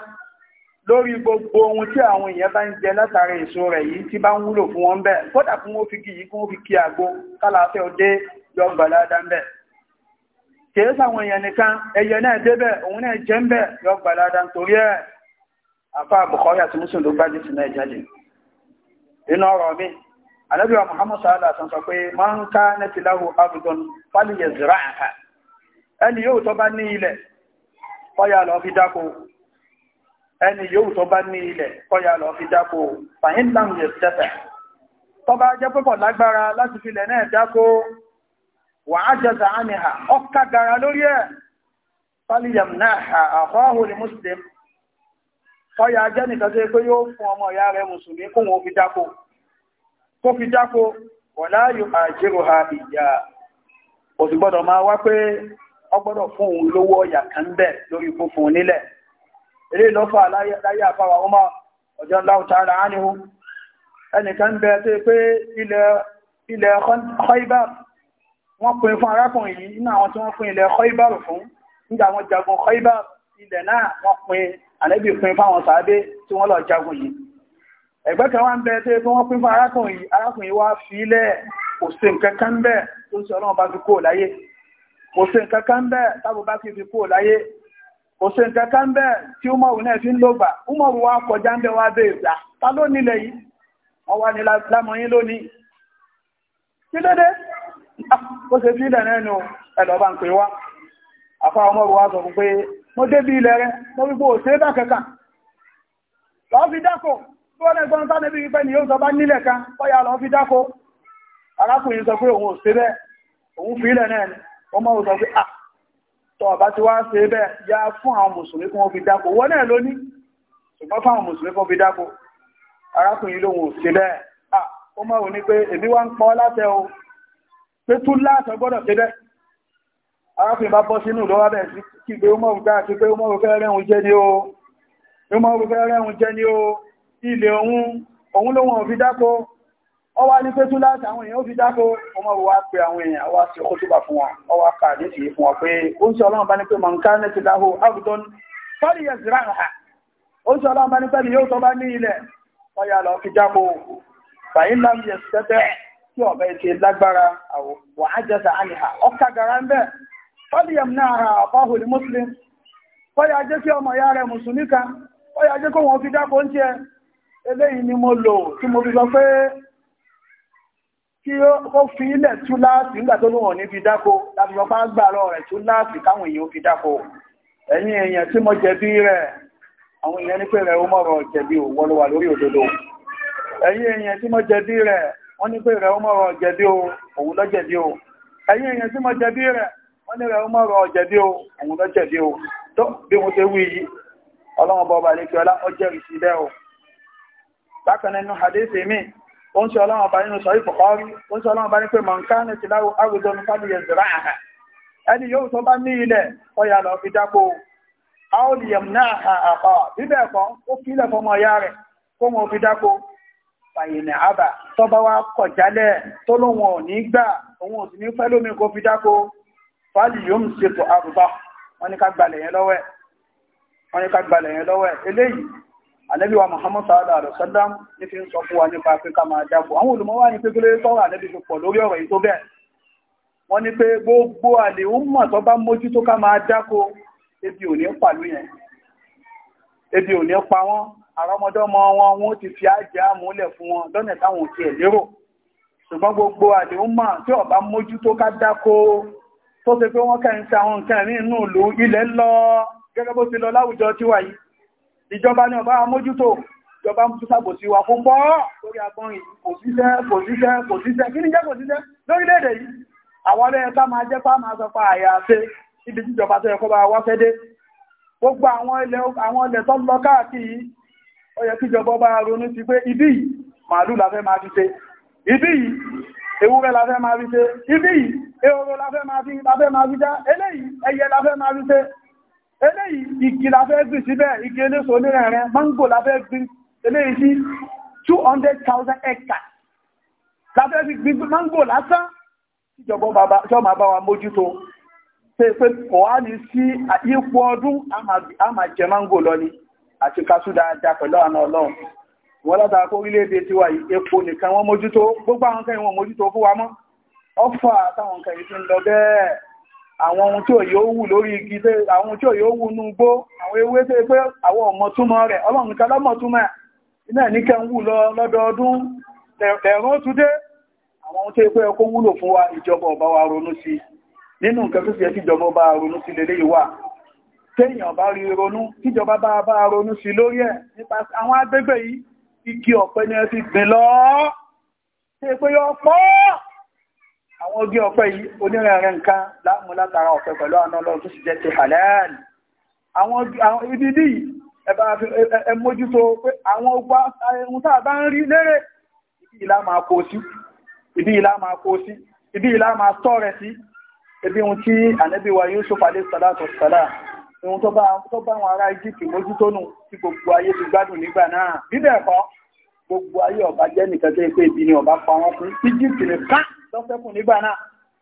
lórí gbogbo ohun tí àwọn èèyàn bá ń jẹ látàrí èso rẹ̀ yìí tí bá ń wúlò fún wọn bẹ́ẹ̀ kódà fún ó fi kí yìí fún ó fi kí àgbo kálàáfẹ́ òde yọ gbàládá bẹ́ẹ̀ kìí sàwọn èèyàn nìkan ẹyẹ náà débẹ̀ òun náà jẹ́ ń bẹ̀ yọ gbàládà torí ẹ̀ àfa àbùkọ́rí àti mùsùlùmí ló gbájú sí náà jáde inú ọ̀rọ̀ mi ànábì wa muhammad sallallahu alaihi wasallam sọ pé máa ń ká nẹ́tì láhù abudun fáliyẹ̀ zira àhà ẹni yóò tó bá ní ilẹ̀ kọ́yà lọ fi dáko ẹni yóò tó bá ní ilẹ̀ kọ́yà lọ fi dáko fàyín láhùn yẹ̀ tẹ́tẹ̀ tó jẹ́ púpọ̀ lágbára láti filẹ̀ náà dáko wa á jẹta ha ọkà gara lórí ẹ̀ fáliyàm ha àkọ́hù ní muslim ọyà jẹ́ nìkan tó pé yóò fún ọmọ ìyá rẹ̀ mùsùlùmí kó fi dáko kó fi dáko wọ̀ láàyò àjẹrò ha ìyá òsì gbọ́dọ̀ ọ gbọ́dọ̀ fún òun lówó kan bẹ wọ́n pín fún arákùnrin yìí nínú àwọn tí wọ́n pín ilẹ̀ Khaybar fún nígbà wọ́n jagun Khaybar ilẹ̀ náà wọ́n pín àlẹ́bí pín fáwọn sàábé tí wọ́n lọ jagun yìí ẹgbẹ́ kan wá ń bẹ tó yẹ pé wọ́n pín fún arákùnrin yìí arákùnrin wá fi ilẹ̀ kò sí nǹkan kan bẹ́ẹ̀ tó ń sọ ọlọ́run bá fi kúrò láyé kò sí nǹkan kan bẹ́ẹ̀ tábò bá fi kúrò láyé kò sí nǹkan kan bẹ́ẹ̀ tí Umaru náà fi ń lò gbà Umaru wá kọjá ń bẹ wá bẹ́ẹ̀ gbà ta ló nílẹ̀ yìí wọ́n wá ní lámọ́yín lónìí kí ló dé ó ṣe bí ilẹ̀ nẹ́nu ẹ̀lọ́bà ń pè wá àfá ọmọ ìwà sọ fún pé mo dé bí ilẹ̀ rẹ mo wípé ò ṣe dá kẹta lọ fi dákò tí wọ́n lẹ́gbọ́n sáà níbi wípé ni yóò sọ bá nílẹ̀ kan ọya lọ fi dákò arákùnrin sọ pé òun ò ṣe bẹ́ẹ̀ òun fi ilẹ̀ náà wọ́n mọ́ sọ pé ah tọ́ ọ̀bá ti wá ṣe bẹ́ẹ̀ yá fún àwọn mùsùlùmí kí wọ́n fi dákò wọ́n náà lóní ṣùgbọ́n fáwọn mùsùlùmí kí wọ́n fi dákò arákùnrin lóhun ò ṣe bẹ́ẹ̀ ah ó mọ̀ ní pé èmi wá ń pọ́ látẹ́ o pé tó láàtọ̀ gbọ́dọ̀ ṣe bẹ́ẹ̀ arákùnrin bá bọ́ sínú lọ́wọ́ bẹ́ẹ̀ sí kí pé ó mọ̀rù gáà sí pé ó mọ̀rù fẹ́rẹ̀ẹ́hun jẹ́ ní o ó mọ̀rù fẹ́rẹ̀ẹ́hun jẹ́ ní o ilẹ̀ òun òun ló wọn ò fi dákó ọ wá ní pé tó láti àwọn èèyàn ó fi dákó ó mọ̀rù wá pé àwọn èèyàn wá sí kútúbà fún wọn ọ wá kà ní sí fún wọn pé tí ọ̀bẹ lágbára wà á jẹta gara ń náà ha muslim ajé kí ọmọ ìyá rẹ̀ mùsùlùmí kan ajé kó wọn fi ń eléyìí ni mo fi sọ pé kí ó fi ilẹ̀ tú nígbà tó ní fi láti sọ bá gbà lọ rẹ̀ tú fi èèyàn tí mo jẹ̀bi rẹ̀ àwọn èèyàn ní pé rẹ̀ ó mọ̀rọ̀ jẹ̀bi òwọ́lọ́wà lórí òdodo èèyàn wọ́n ní pé rẹ̀ ó mọ̀rọ̀ jẹ̀bi o òun lọ jẹ̀bi o ẹ̀yìn èèyàn tí mo jẹ̀bi rẹ̀ wọ́n ní rẹ̀ ó mọ̀rọ̀ jẹ̀bi o òun lọ jẹ̀bi o tó bí mo ṣe wí yìí ọlọ́run bọba àlekẹ́ ọlá ó jẹ́rìí sí bẹ́ẹ̀ o bákan nínú hadithi mi ó ń sọ ọlọ́run ọba nínú sọ ìfọ̀kọ́rí ó ń sọ ọlọ́run ọba ní pé mọ̀nkánì ti láwọ àwùjọ ní fàlùyẹ zìrà àhà ẹni yóò tó bá ní ilẹ̀ ó yà lọ fi dáko a ó lè yẹm náà àpá bíbẹ̀ kan ó kílẹ̀ fọmọ ya rẹ̀ kó wọn fi dáko fàyìnà àbà tọ́ba wa kọ̀ jálẹ̀ tó lóun ò ní gbà òun ò sì ní fẹ́ lómi kó fi dáko fàálì yóò ń ṣètò àrùbá wọn ni ká gbalẹ̀ yẹn lọ́wọ́ ẹ̀ wọn ni ká gbalẹ̀ yẹn lọ́wọ́ eléyìí ànábì wa muhammad sallallahu alaihi wa sallam ní fi ń sọ fún wa nípa pé ká àrọmọdọ́mọ wọn wọn ti fi ájá múlẹ̀ fún wọn lọ́nà táwọn òkè ẹ̀ lérò ṣùgbọ́n gbogbo àdéhùn mà tí ọba mójútó ká dáko tó ṣe pé wọ́n kẹ́yìn sí àwọn nǹkan ẹ̀rí inú ìlú ilẹ̀ lọ gẹ́gẹ́ bó ti lọ láwùjọ tí wà yìí ìjọba ni ọba mójútó ìjọba ń tún sàbòsí wa fún pọ́ lórí agbọ́nrin kò síṣẹ́ kò síṣẹ́ kò síṣẹ́ kí ni jẹ́ kò síṣẹ́ lórílẹ̀ yìí àwọn ọlọ́yẹ ká máa jẹ́ fáà máa sọ pa àyà ṣe tó yẹ kó bá wá fẹ́ dé gbogbo àwọn ilẹ̀ tó lọ káàkiri ó yẹ kí ìjọba bá ronú sí pé ibí yìí màálù la fẹ́ máa fi ṣe ibí yìí ewúrẹ́ la fẹ́ máa fi ṣe ibí yìí ehoro la fẹ́ máa fi la fẹ́ máa fi já eléyìí ẹyẹ la fẹ́ máa fi ṣe eléyìí igi la fẹ́ gbìn síbẹ̀ igi eléso onírẹ̀rẹ̀ mángò la fẹ́ gbìn eléyìí sí 200,000 hectares la fẹ́ fi gbìn mángò lásán ìjọba bá bá wa mójútó pé pé kọ̀wá ní sí àyípo ọdún a máa jẹ mángò lọ ni àti kásù dáadáa pẹ̀lú àna ọlọ́run wọ́n látara kó orílẹ̀-èdè tiwa epo nìkan wọ́n mójútó gbogbo àwọn nǹkan ìwọ̀n mójútó fún wa mọ́ ọfà táwọn nǹkan yìí ti ń lọ bẹ́ẹ̀ àwọn ohun tí ò yóò wù lórí igi tẹ́ àwọn ohun tí ò yóò wù nú gbó àwọn ewé pé àwọn nìkan iná lọ tún dé àwọn ohun pé wúlò fún wa ìjọba ọba wa ronú sí nínú nǹkan tó téèyàn bá rí ronú tíjọba bá bá ronú sí lórí ẹ̀ nípa àwọn agbègbè yìí igi ọ̀pẹ ni ẹ ti gbìn lọ ṣe pé yọ pọ́ àwọn igi ọ̀pẹ yìí onírẹ̀rẹ̀ nǹkan láàmú látara ọ̀pẹ pẹ̀lú àna ọlọ́run tó sì jẹ́ ti halal àwọn ibi dì ẹ̀bá ẹ mójútó pé àwọn ogbà ohun tá a bá ń rí lérè ibi ìlà máa kó sí ibi ìlà máa kó sí ibi ìlà máa tọ́ rẹ̀ sí ibi ohun tí ànábì wa Yusuf alayhi salatu wassalam ohun tó bá tó bá àwọn ará egypt mójútónù tí gbogbo ayé ti gbádùn nígbà náà bíbẹ̀ kọ́ gbogbo ayé ọba jẹ́ nìkan tó yẹ pé ibi ni ọba pa wọn fún egypt nìkan lọ́sẹ̀kùn nígbà náà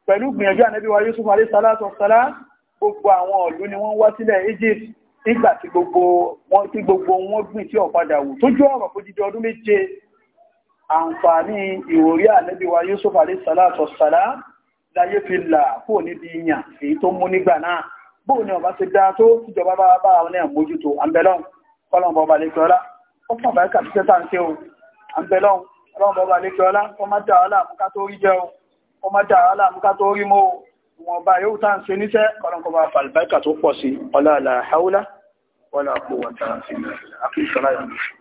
pẹ̀lú gbìyànjú ànábì wa yusuf alayhi salatu wassalam gbogbo àwọn ìlú ni wọ́n wá sílẹ̀ egypt nígbà tí gbogbo wọn tí gbogbo wọn gbìn tí ọ̀padà wù tójú ọ̀rọ̀ kó jíjọ ọdún méje àǹfààní ìwòrí ànábì wa yusuf alayhi salatu wassalam láyé fi là kúrò níbi ìyàn èyí tó mú nígbà náà bóò ni ọba ti dáa tó ìjọba bá bá àwọn ní àmójútó àmbẹ́lọ́n kọ́lọ́mọ ọba lè kíọ́lá ó pọ̀ bá kàbí tẹ́tà ń ṣe o àmbẹ́lọ́n kọ́lọ́mọ ọba lè kíọ́lá kó má dá wàhálà mú ká tó rí jẹ o kó má dá wàhálà mú ká tó rí mọ́ o wọn ọba yóò tá ń ṣe níṣẹ́ kọ́lọ́mọ ọba fàlùbáìkà tó pọ̀ sí